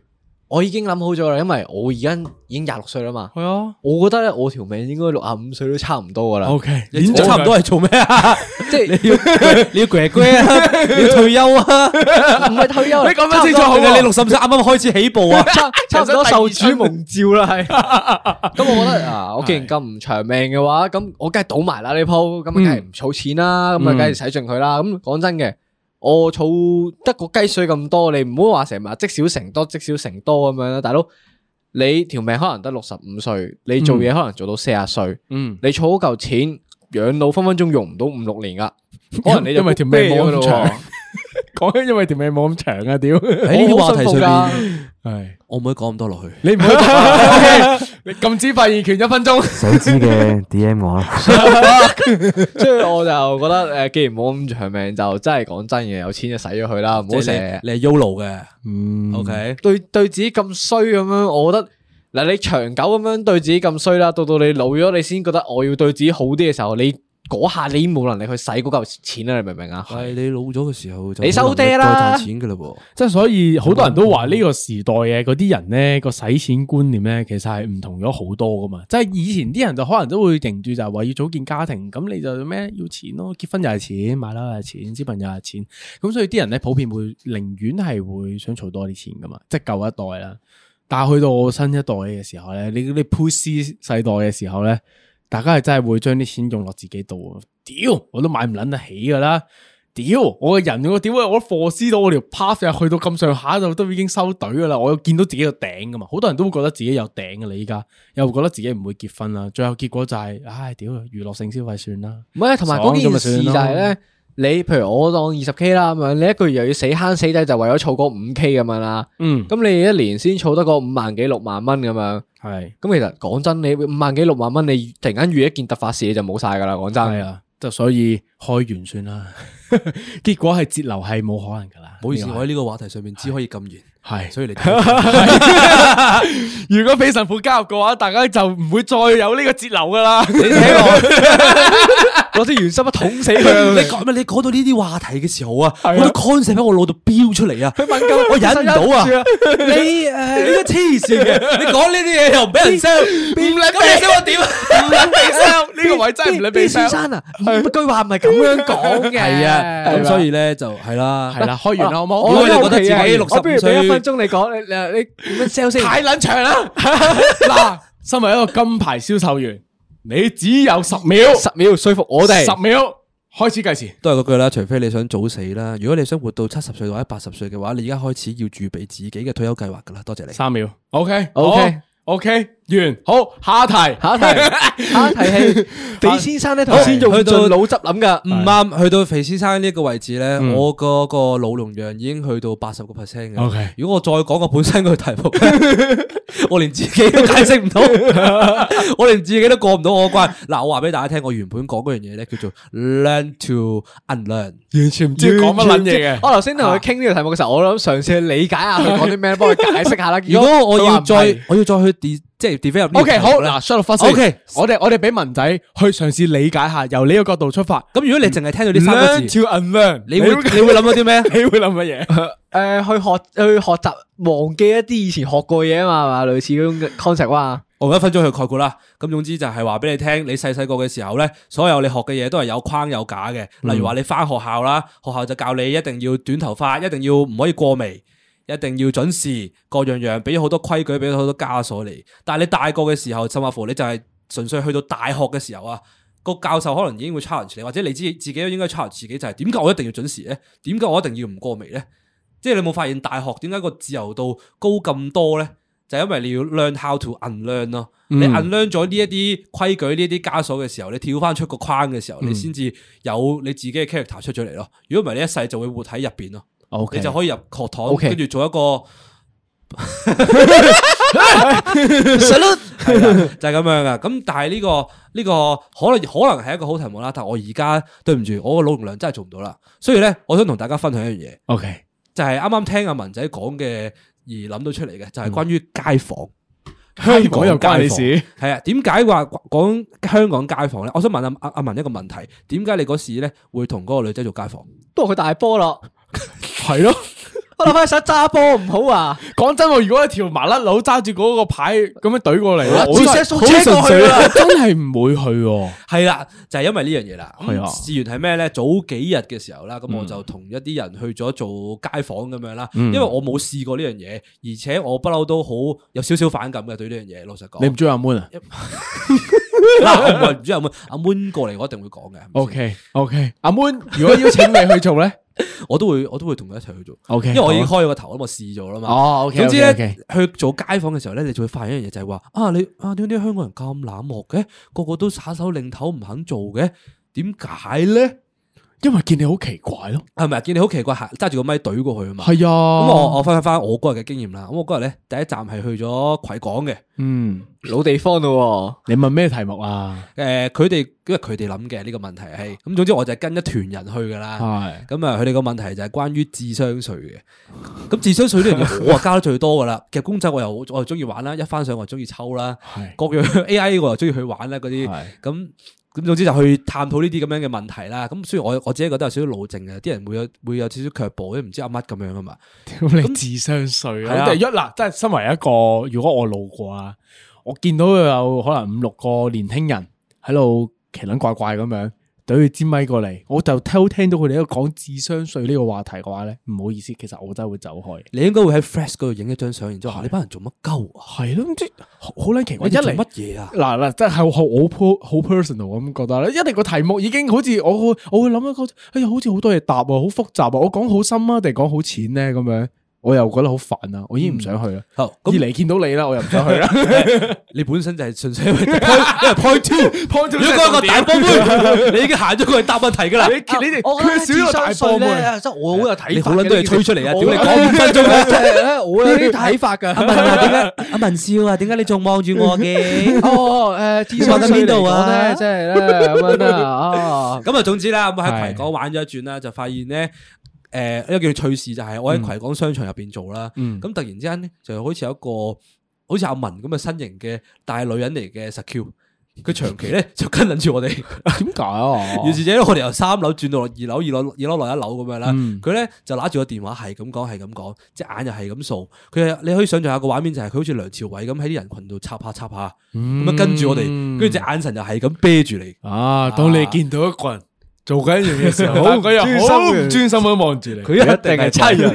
我已經諗好咗啦，因為我而家已經廿六歲啦嘛。係啊。我覺得我條命應該六十五歲都差唔多噶啦。O K，你差唔多係做咩啊？你要你要退休啊？唔係退休，你咁樣先做好嘅。你六十五歲啱啱開始起步啊？差差唔多受主蒙召啦，係。咁我覺得啊，我既然咁唔長命嘅話，咁我梗係賭埋啦呢鋪，咁啊梗係唔儲錢啦，咁啊梗係使盡佢啦。咁講真嘅。我儲、哦、得個雞碎咁多，你唔好話成日積少成多，積少成多咁樣啦，大佬。你條命可能得六十五歲，你做嘢可能做到四十歲，嗯你儲，你儲嗰嚿錢養老分分鐘用唔到五六年噶，可能你因為條命冇咗。 講因為條命冇咁長啊屌，呢啲 話題上啦。係 我唔可以講咁多落去。你唔好，你禁止發言權一分鐘。想知嘅 D M 我啦，所以我就覺得誒，既然冇咁長命，就真係講真嘢，有錢就使咗佢啦，唔好成日，你係 YOLO 嘅，嗯，O K。Okay. 對對自己咁衰咁樣，我覺得嗱，你長久咁樣對自己咁衰啦，到到你老咗，你先覺得我要對自己好啲嘅時候，你。嗰下你冇能力去使嗰嚿錢啦，你明唔明啊？係你老咗嘅時候，你收爹啦就再賺，再賺錢噶啦噃。即係所以好多人都話呢個時代嘅嗰啲人咧個使錢觀念咧，其實係唔同咗好多噶嘛。即係以前啲人就可能都會認住就係話要組建家庭，咁你就咩要錢咯？結婚又係錢，買樓又係錢，小朋友又係錢。咁所以啲人咧普遍會寧願係會想儲多啲錢噶嘛，即係舊一代啦。但係去到我新一代嘅時候咧，你你 push 世，世代嘅時候咧。大家係真係會將啲錢用落自己度啊！屌，我都買唔捻得起噶啦！屌，我個人我屌，我課思到我條 pass 又去到咁上下就都已經收隊噶啦！我又見到自己個頂噶嘛，好多人都會覺得自己有頂噶啦，依家又會覺得自己唔會結婚啦。最後結果就係，唉，屌，娛樂性消費算啦。唔係，同埋嗰件事就係咧。嗯你譬如我當二十 k 啦咁樣，你一個月又要死慳死抵，就為咗儲個五 k 咁樣啦。嗯，咁你一年先儲得個五萬幾六萬蚊咁樣。係是，咁其實講真，你五萬幾六萬蚊，你突然間遇一件突發事就冇晒噶啦。講真，係啊，就所以開源算啦， 結果係節流係冇可能噶啦。唔好意思，我喺呢個話題上面只可以咁完。係，所以嚟。如果匪神父加入嘅話，大家就唔會再有呢個節流噶啦。你睇我，攞支原心一捅死佢！你講到呢啲話題嘅時候啊，我都 conceive 我腦度飆出嚟啊，佢敏鳩，我忍唔到啊！你誒，你個黐線嘅，你講呢啲嘢又唔俾人 sell，唔俾咁嘢 sell 我點唔俾 sell 呢個位真唔俾 sell。先生啊，句話唔係咁樣講嘅。係啊，咁所以咧就係啦，係啦，開完啦好冇？如果你覺得自己六十歲。分鐘嚟講，你你點樣 sales？太冷場啦！嗱、 啊，身為一個金牌銷售員，你只有十秒，十秒說服我哋，十秒開始計時。都係嗰句啦，除非你想早死啦。如果你想活到七十歲或者八十歲嘅話，你而家開始要準備自己嘅退休計劃噶啦。多謝你，三秒。OK，OK，OK。完好，下一題，下一題，下一題係肥先生咧，頭先仲去到腦汁諗噶，唔啱，去到肥先生呢一個位置咧，我個個腦容量已經去到八十個 percent 嘅。OK，如果我再講個本身個題目，我連自己都解釋唔到，我連自己都過唔到我關。嗱，我話俾大家聽，我原本講嗰樣嘢咧，叫做 learn to unlearn，完全唔知講乜捻嘢嘅。我頭先同佢傾呢個題目嘅時候，我諗嘗試去理解下佢講啲咩，幫佢解釋下啦。如果我要再，我要再去即係 OK 好，嗱 short flash OK，我哋我哋俾文仔去嘗試理解下，由呢個角度出發。咁、嗯、如果你淨係聽到呢三個字 learn to unlearn 你你會諗到啲咩？你會諗乜嘢？誒、 呃，去學去學習，忘記一啲以前學過嘢啊嘛，類似嗰種 concept 啊嘛。 我一分鐘去概括啦。咁總之就係話俾你聽，你細細個嘅時候咧，所有你學嘅嘢都係有框有架嘅。例、mm. 如話你翻學校啦，學校就教你一定要短頭髮，一定要唔可以過眉。一定要準時，各樣樣俾咗好多規矩，俾咗好多枷鎖你。但係你大個嘅時候，甚至乎你就係純粹去到大學嘅時候啊，個教授可能已經會 challenge 你，或者你知自己都應該 challenge 自己，就係點解我一定要準時咧？點解我一定要唔過眉咧？即係你冇發現大學點解個自由度高咁多咧？就係因為你要 learn how to unlearn 咯。嗯、你 unlearn 咗呢一啲規矩、呢啲枷鎖嘅時候，你跳翻出個框嘅時候，你先至有你自己嘅 character 出咗嚟咯。如果唔係，你一世就會活喺入邊咯。Okay, 你就可以入學堂，跟住 okay. 做一個，就係、是、咁樣噶。咁但係呢、這個呢、這個可能可能係一個好題目啦。但係我而家對唔住，我個腦容量真係做唔到啦。所以咧，我想同大家分享一樣嘢。OK，就係啱啱聽阿文仔講嘅而諗到出嚟嘅，就係、是、關於街坊，嗯、香港有街市係啊？點解話講香港街坊咧？我想問下阿阿文一個問題：點解你嗰時咧會同嗰個女仔做街坊？不過佢大波啦。係咯，我諗翻手揸波唔好啊！講真，我如果一條麻甩佬揸住嗰個牌咁樣懟過嚟，好神奇啊！真係唔會去，係啦，就係因為呢樣嘢啦。試完係咩咧？早幾日嘅時候啦，咁我就同一啲人去咗做街訪咁樣啦。因為我冇試過呢樣嘢，而且我不嬲都好有少少反感嘅對呢樣嘢。老實講，你唔中意阿 moon 啊？嗱，唔中意阿 moon，阿 moon 過嚟我一定會講嘅。OK，OK，阿 moon，如果邀請你去做咧？ 我都會，我都會同佢一齊去做。O Okay , K，因為我已經開咗個頭，啊、我試咗啦嘛。哦，okay, 總之咧 okay, okay. 去做街訪嘅時候咧，你就會發現一樣嘢，就係、是、話啊，你啊點啲香港人咁冷漠嘅，個個都耍手擰頭唔肯做嘅，點解咧？因為見你好奇怪咯，係咪？見你好奇怪，揸住個咪懟過去啊嘛。係啊是呀、嗯，咁我分我翻翻我嗰日嘅經驗啦。咁我嗰日咧第一站係去咗葵港嘅，嗯，老地方咯、哦。你問咩題目啊？誒、呃，佢哋因為佢哋諗嘅呢個問題係咁，總之我就係跟一團人去噶啦。係咁啊，佢哋個問題就係關於智商稅嘅。咁智商稅呢樣我啊交得最多噶啦。其實公仔我又好，我又中意玩啦，一翻上我又中意抽啦，是各樣 A I 我又中意去玩啦嗰啲咁。是咁總之就去探討呢啲咁樣嘅問題啦。咁雖然我我自己覺得有少少腦症嘅，啲人會有會有少少卻步，因為唔知噏乜咁樣啊嘛。咁你智商稅啦。第一嗱，即係身為一個，如果我路過啊，我見到有可能五六個年輕人喺度奇卵怪怪咁樣。懟去支咪過嚟，我就聽聽到佢哋喺度講智商稅呢個話題嘅話咧，唔好意思，其實我真係會走開。你應該會喺 flash 嗰度影一張相，然之後你班人做乜鳩啊？係咯，即係好鬼奇怪。一嚟乜嘢啊？嗱嗱，即係我我好 personal 咁覺得啦。一嚟個題目已經好似我會我我諗一個，哎呀，好似好多嘢答啊，好複雜啊。我講好深啊，定係講好淺咧咁樣。我又覺得好煩啦，我已經唔想去啦。好，咁嚟，見到你啦，我又唔想去啦。你本身就係純粹因為 point two point 如果一個大波妹，你已經行咗過去答問題噶啦。你你哋少個大波妹啊！即係我好有睇法。你好捻都要推出嚟啊！屌你講五分鐘嘅，我有啲睇法噶。阿文啊，點解？阿文笑啊，點解你仲望住我嘅？哦，誒，T 恤喺邊度啊？即係咧咁樣啦。啊，總之啦，咁喺葵港玩咗一轉啦，就發現咧。誒一個叫趣事就係、是、我喺葵廣商場入邊做啦，咁、嗯、突然之間咧，就好似有一個好似阿文咁嘅身形嘅大女人嚟嘅 s 實 Q，佢長期咧就跟住住我哋。點解啊？於 是者我哋由三樓轉到落二樓，二樓二樓落一樓咁樣啦。佢咧、嗯、就拿住個電話，係咁講，係咁講，隻眼又係咁掃。佢你可以想象下個畫面就係佢好似梁朝偉咁喺啲人群度插下插下，咁樣、嗯、跟住我哋，跟住隻眼神又係咁啤住你。啊！當你見到一個人。啊做緊一樣嘢嘅時候，佢又好唔專心咁望住你，佢一定係差人。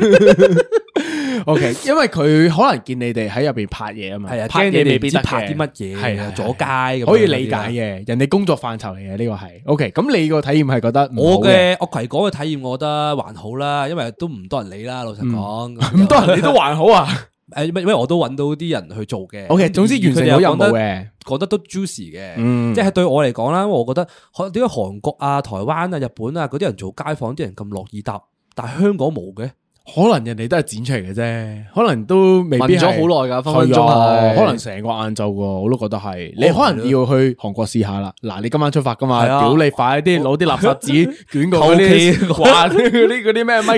OK，因為佢可能見你哋喺入邊拍嘢啊嘛，拍嘢未必拍啲乜嘢，係啊，阻街咁，可以理解嘅，人哋工作範疇嚟嘅呢個係。OK，咁你個體驗係覺得我嘅，屋葵講嘅體驗，我覺得還好啦，因為都唔多人理啦。老實講，咁多人理都還好啊。誒，因為，我都揾到啲人去做嘅。OK，總之完成好任務嘅。覺得都 juicy 嘅，嗯、即係對我嚟講啦，我覺得點解韓國啊、台灣啊、日本啊嗰啲人做街訪啲人咁樂意答，但係香港冇嘅。可能人哋都係剪出嚟嘅啫，可能都未必咗好耐噶，分分鐘，可能成個晏晝噶，我都覺得係。你可能要去韓國試下啦。嗱，你今晚出發噶嘛？屌你，快啲攞啲垃圾紙捲個嗰啲，掛嗰啲嗰啲咩咪？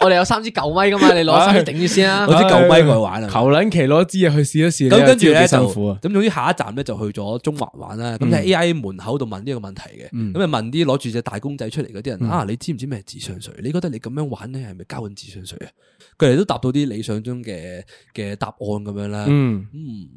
我哋有三支舊咪噶嘛？你攞去頂住先啊！攞支舊咪去玩啊！求其攞支啊去試一試。咁跟住咧辛苦啊！咁總之，下一站咧就去咗中華玩啦。咁喺 AI 門口度問呢個問題嘅，咁啊問啲攞住隻大公仔出嚟嗰啲人啊，你知唔知咩紙箱船？你覺得你咁樣玩咧，係咪交緊智商稅啊？佢哋都答到啲理想中嘅嘅答案咁樣啦。嗯，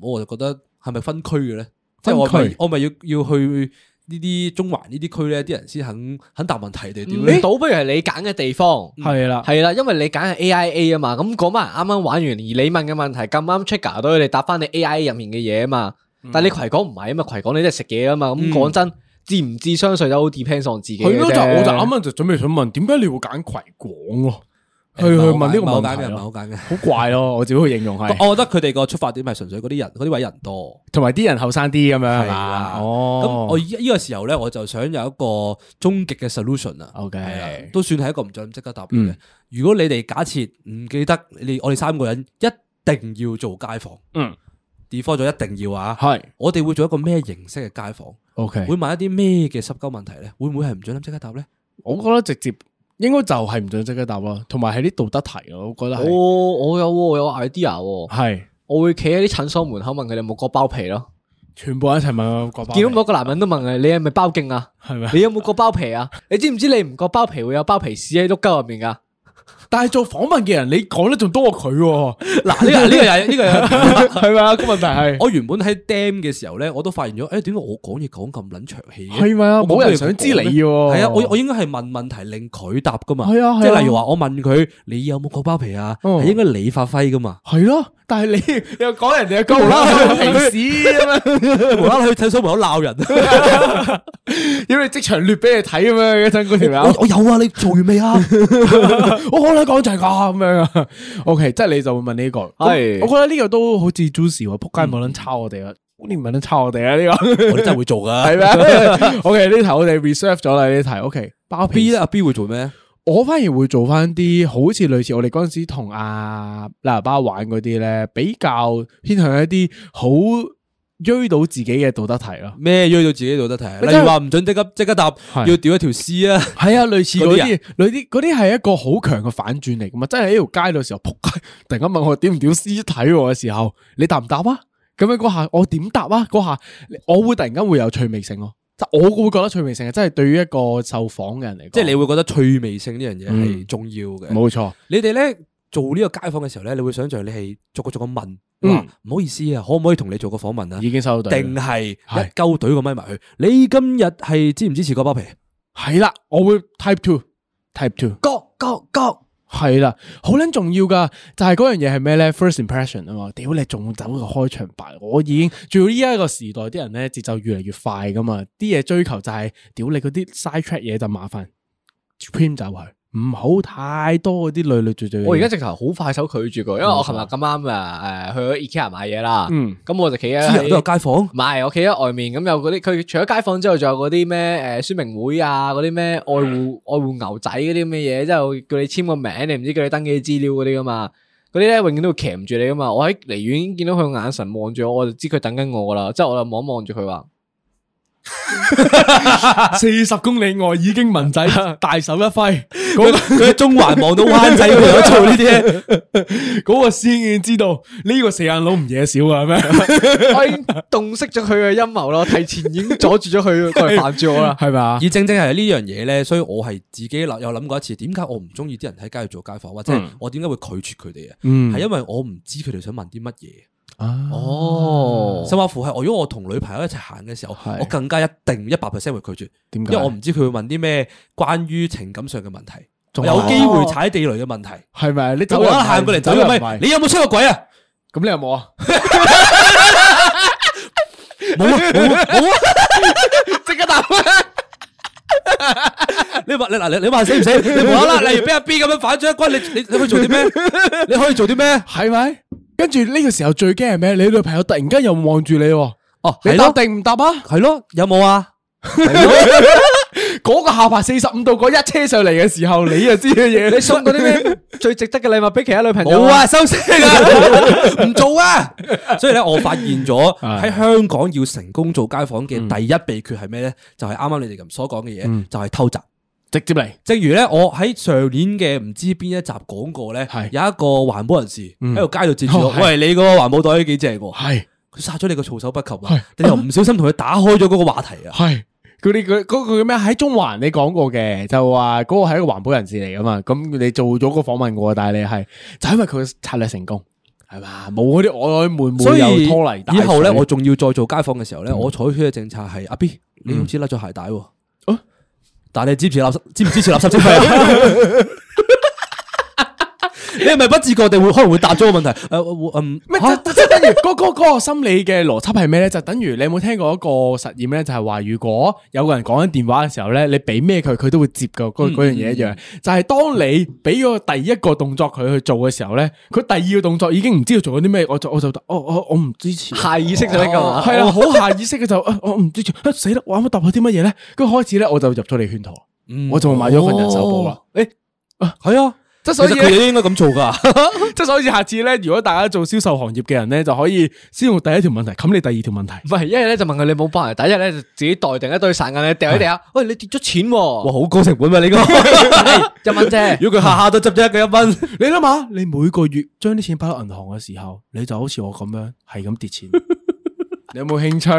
我就覺得係咪分區嘅咧？即係區我咪我咪要要去呢啲中環呢啲區咧，啲人先肯肯答問題定點咧？倒、欸、不如係你揀嘅地方係啦，係啦、嗯了，因為你揀係 A I A 啊嘛。咁嗰班人啱啱玩完，而你問嘅問題咁啱 trigger 到佢哋答翻你 A I A 入面嘅嘢啊嘛。嗯、但係你葵港唔係啊嘛，葵港你都係食嘢啊嘛。咁講真。嗯自唔自相信都 depend on 自己啫。就我就啱啱就準備想問，點解你會揀葵廣咯？去、哎、去問呢個問題咯。好簡單， 好怪咯、啊。我自己去形容下。我覺得佢哋個出發點係純粹嗰啲人，嗰啲位人多，同埋啲人後生啲咁樣啦。吧哦。咁我依依個時候咧，我就想有一個終極嘅 solution 啊 Okay.。OK、嗯、都算係一個唔想即刻答嘅。嗯、如果你哋假設唔記得你，我哋三個人一定要做街坊。嗯。二科咗一定要啊，係是，我哋會做一個咩形式嘅街訪？OK，會問一啲咩嘅濕鳩問題咧？會唔會係唔准諗即刻答咧？我覺得直接應該就係唔准即刻答咯，同埋係啲道德題咯，我覺得、哦。我我有、哦、我有 idea，係、哦，是我會企喺啲診所門口問佢哋有冇割包皮咯，全部一齊問割。見到每一個男人都問你：「你係咪包莖啊？係咪嗎？你有冇割包皮啊？ 你知唔知你唔割包皮會有包皮屎喺碌鳩入面噶？但係做訪問嘅人，你講得仲多過佢。嗱呢個呢個又呢個又係嘛，個問題係我原本喺 DAM 嘅時候咧，我都發現咗誒點解我講嘢講咁撚長氣嘅，係咪啊？冇人想知你喎，係啊，我我應該係問問題令佢答噶嘛，係啊，即係例如話我問佢你有冇個包皮啊，係應該你發揮噶嘛，係咯，但係你又講人哋嘅無皮屎咁樣，無啦啦去睇新聞都鬧人，因為即場劣俾人睇咁嘛。嘅曾哥條友我有啊，你做完未啊我可能。講就係咁樣，OK，即係你就會問呢、這個。係是的，我覺得呢個都好似 Jussie，仆街冇撚抄我哋啊！這個嗯、你唔係撚抄我哋啊？呢、這個我真係會做噶 吧，係咩 OK 呢題我哋 reserve 咗啦，呢題 OK 包 B。包 B 啦，阿 B 會做咩？我反而會做翻啲好似類似我哋嗰陣時同阿喇巴玩嗰啲咧，比較偏向一啲好。追到自己嘅道德題咯，咩追到自己道德題？例如話唔准即刻即刻答，是要屌一條屍啊！係啊，類似嗰啲，嗰啲嗰啲係一個好強嘅反轉嚟噶嘛！即係喺條街度時候，撲突然間問我屌唔屌屍體嘅時候，你答唔答啊？咁樣嗰下我點答啊？嗰下我會突然間會有趣味性咯。即我會覺得趣味性係真係對於一個受訪嘅人嚟講，嗯、即係你會覺得趣味性呢樣嘢係重要嘅。冇錯、嗯，錯你哋咧。做呢個街坊嘅時候咧，你會想象你係逐個逐個問，唔、嗯、好意思啊，可唔可以同你做個訪問啊？已經收咗隊，定係一溝懟個咪埋去。的你今日係支唔支持割包皮？係啦，我會 type two，type two，go go go，係啦，好撚重要噶，就係嗰樣嘢係咩咧？First impression 啊嘛，屌你仲走個開場白，我已經，仲要依家一個時代，啲人咧節奏越嚟越快噶嘛，啲嘢追求就係屌你嗰啲 side track 嘢就麻煩，撇走佢。唔好太多嗰啲累累贅贅。我而家直頭好快手拒絕佢，因為我琴日咁啱啊，誒去咗 IKEA 買嘢啦。嗯。咁我就企喺。都有街坊，唔係，我企喺外面，咁有嗰啲佢除咗街坊之外，仲有嗰啲咩誒說明會啊，嗰啲咩愛護愛護牛仔嗰啲咁嘅嘢，即係叫你簽個名，你唔知叫你登記資料嗰啲噶嘛？嗰啲咧永遠都會鉗住你噶嘛。我喺離遠見到佢個眼神望住我，我就知佢等緊我啦。即、就、係、是、我就望望住佢話。四 十公里外已經文仔大手一揮，佢、那、喺、個、中環望到灣仔佢有做呢啲，嗰、那個先知道呢、這個四眼佬唔惹少啊，係咪？ 我已經洞悉咗佢嘅陰謀咯，提前已經阻住咗佢佢煩，住我啦，係嘛吧？而正正係呢樣嘢咧，所以我係自己諗，有諗過一次，點解我唔中意啲人喺街度做街訪，或者我點解會拒絕佢哋啊？係、嗯、因為我唔知佢哋想問啲乜嘢。哦，甚至乎係我如果我同女朋友一齊行嘅時候，我更加一定一百 percent 會拒絕。點解？因為我唔知佢會問啲咩關於情感上嘅問題，有機會踩地雷嘅問題，係咪？你走啦，行過嚟走咪？你有冇出過軌啊？咁你有冇啊？冇啊！冇啊！即刻答你話你嗱你你話死唔死？你唔好啦。例如俾阿 B 咁樣反將軍，你你你會做啲咩？你可以做啲咩？係咪？跟住呢個時候最驚係咩？你女朋友突然間又望住你哦，你答定唔答啊？係咯、啊的，有冇啊？嗰 個下排四十五度，嗰一車上嚟嘅時候，你就知嘅嘢。 你送嗰啲咩最值得嘅禮物俾其他女朋友？冇啊，收聲啊，唔 做啊。 所以咧，我發現咗喺香港要成功做街訪嘅第一秘訣係咩咧？嗯、就係啱啱你哋咁所講嘅嘢，嗯、就係偷襲。直接嚟，正如咧，我喺上年嘅唔知邊一集講過咧，有一個環保人士喺度街度接住我，喂，你個環保袋都幾正喎，係，佢殺咗你個措手不及啊，係，你又唔小心同佢打開咗嗰個話題啊，係，嗰啲嗰嗰咩喺中環你講過嘅，就話嗰個係一個環保人士嚟噶嘛，咁你做咗個訪問我，但係你係就因為佢策略成功係嘛，冇嗰啲曖曖昧昧又拖泥以後咧，我仲要再做街訪嘅時候咧，我採取嘅政策係阿 B，你唔知甩咗鞋帶。但你支唔支支持垃圾，啊？支唔支持垃圾徵費？你係咪不自覺地會可能會答咗個問題？誒，嗯，咩？即係等於嗰嗰個心理嘅邏輯係咩咧？就等於你有冇聽過一個實驗咧？就係話如果有個人講緊電話嘅時候咧，你俾咩佢，佢都會接㗎。嗰嗰樣嘢一樣，就係當你俾個第一個動作佢去做嘅時候咧，佢第二個動作已經唔知道做咗啲咩。我就我就我我唔支持。下意識就呢個係啦，好下意識嘅就我唔支持。死啦，我啱啱答我啲乜嘢咧？跟住開始咧，我就入咗你圈套，我就買咗份人壽保啦。誒，係啊。即所以其實佢哋應該咁做噶， 即所以下次咧，如果大家做銷售行業嘅人咧，就可以先用第一條問題冚你第二條問題。唔係，一日咧就問佢你冇幫人第二咧就自己袋定一堆散銀嚟掉喺地下。喂是、哎，你跌咗錢喎、啊？哇，好高成本嘛、啊，你個一蚊啫。如果佢下下都執咗一個一蚊，你諗下，你每個月將啲錢擺喺銀行嘅時候，你就好似我咁樣係咁跌錢。 你有冇興趣？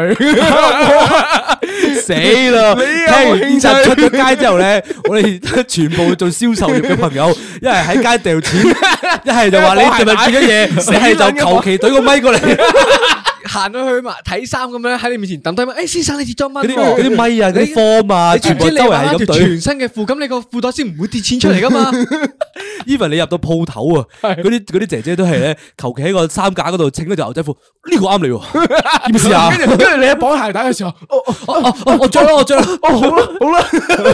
死啦了！聽完呢集 出咗街之後咧，我哋全部做銷售業嘅朋友，一係喺街掟錢，一係 就話你係咪見咗嘢，死，係就求其懟個咪過嚟。 行咗去嘛睇衫咁樣喺你面前等低問，誒、哎、先生你跌咗乜？嗰啲嗰啲咪啊，嗰啲貨啊，全部周圍係對全身嘅褲，咁你個褲袋先唔會跌錢出嚟噶嘛？even 你入到鋪頭啊，嗰啲啲姐姐都係咧，求其喺個衫架嗰度整嗰條牛仔褲，呢、這個啱你喎。跟住跟住你一綁鞋帶嘅時候， 啊啊啊啊啊、我我着咯我着咯，哦、 啊、好啦好啦。好好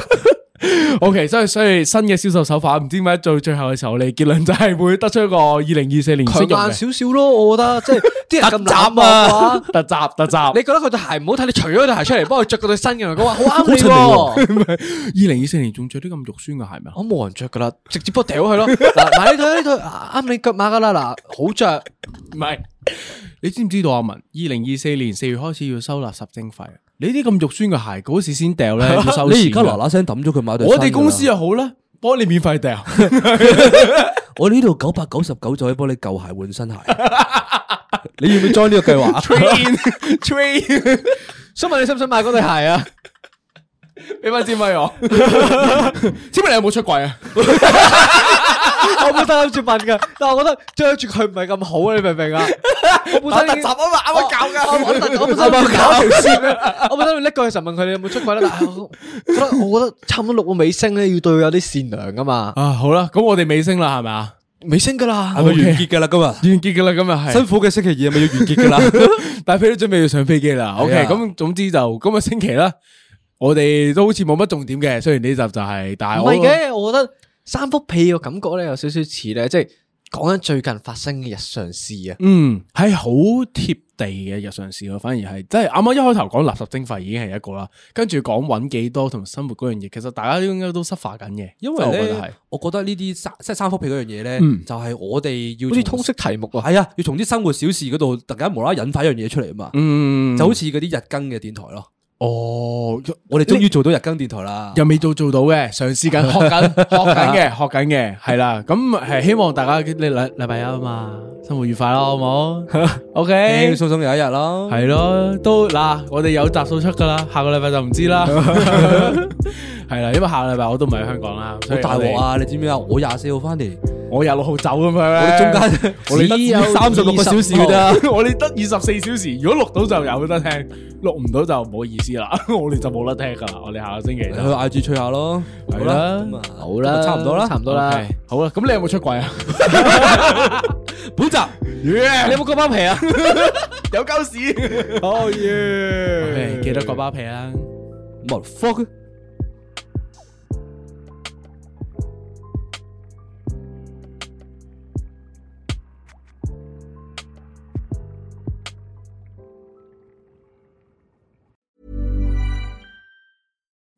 O K，所以所以新嘅銷售手法，唔知咪最最後嘅時候，你結論就係會得出一個二零二四年強少少咯。我覺得即係啲人咁雜啊， 特雜特雜。你覺得佢對鞋唔好睇？你除咗對鞋出嚟，幫佢着嗰對新嘅，佢話好啱你、啊。二零二四年仲着啲咁肉酸嘅鞋咩？我冇人着噶啦，直接波掉佢咯。嗱， 買對呢對啱你腳碼噶啦，嗱，好着。唔係， 你知唔知道阿文？二零二四年四月開始要收垃圾徵費。你啲咁肉酸嘅鞋，嗰時先掉咧。收你而家嗱嗱聲抌咗佢買對新嘅。我哋公司又好啦，幫你免費掉。 我哋呢度九百九十九就可以幫你舊鞋換新鞋。 你要唔要 join 呢個計劃？Train，train。想問你想唔想買嗰對鞋啊？俾翻支咪我咪咪、啊。千 蚊你有冇出櫃啊？ 我，我，得 我本身諗住問嘅，但係 我覺得追住佢唔係咁好，啊。你明唔明啊？我本身集啊嘛，啱啱搞嘅，我本身要搞完先，我本身要拎過去一問佢哋有冇出軌啦。 但係我，我覺得差唔多六個尾聲咧，要對佢有啲善良噶嘛。啊，好啦，咁我哋尾聲啦，係咪啊？尾聲噶啦，係咪、oh, okay. 完結噶啦？今日完結噶啦，今日係辛苦嘅星期二，係咪要完結噶啦。 大飛都準備要上飛機啦。O K，咁總之就今日星期啦，我哋都好似冇乜重點嘅，雖然呢集就係、是，但係唔嘅，我覺得。三幅屁嘅感覺咧有少少似咧，即係講緊最近發生嘅日常事啊。嗯，係好貼地嘅日常事，我、嗯、反而係即係啱啱一開頭講垃圾徵費已經係一個啦，跟住講揾幾多同埋生活嗰樣嘢，其實大家應該都應該都濕化緊嘅。因為咧，我覺得，我覺得呢啲三即係三幅屁嗰樣嘢咧，嗯、就係我哋要好似通識題目啊。係啊，要從啲生活小事嗰度突然間無啦啦引翻一樣嘢出嚟啊嘛。嗯，就好似嗰啲日更嘅電台咯。哦，我哋終於做到日更電台啦，你又未做做到嘅，嘗試緊，學緊， 學緊嘅，學緊嘅，係、嗯、啦，咁係希望大家，你禮禮拜一啊嘛，生活愉快啦，好唔好？OK，送送 有一日咯，係咯，都嗱，我哋有集數出噶啦，下個禮拜就唔知啦。 係啦，因為下禮拜我都唔係香港啦，好大鑊啊！你知唔知啊？我廿四號翻嚟，我廿六號走咁樣，我哋中間我哋得三十六個小時啫，我哋得二十四小時。如果錄到就有得聽，錄唔到就唔好意思啦，我哋就冇得聽噶啦。我哋下個星期去 I G 吹下咯，係啦，好啦，差唔多啦，差唔多啦，好啦。咁你有冇出櫃啊？本集，你有冇割包皮啊？有鳩屎，哦耶！記得個包皮啊？無福。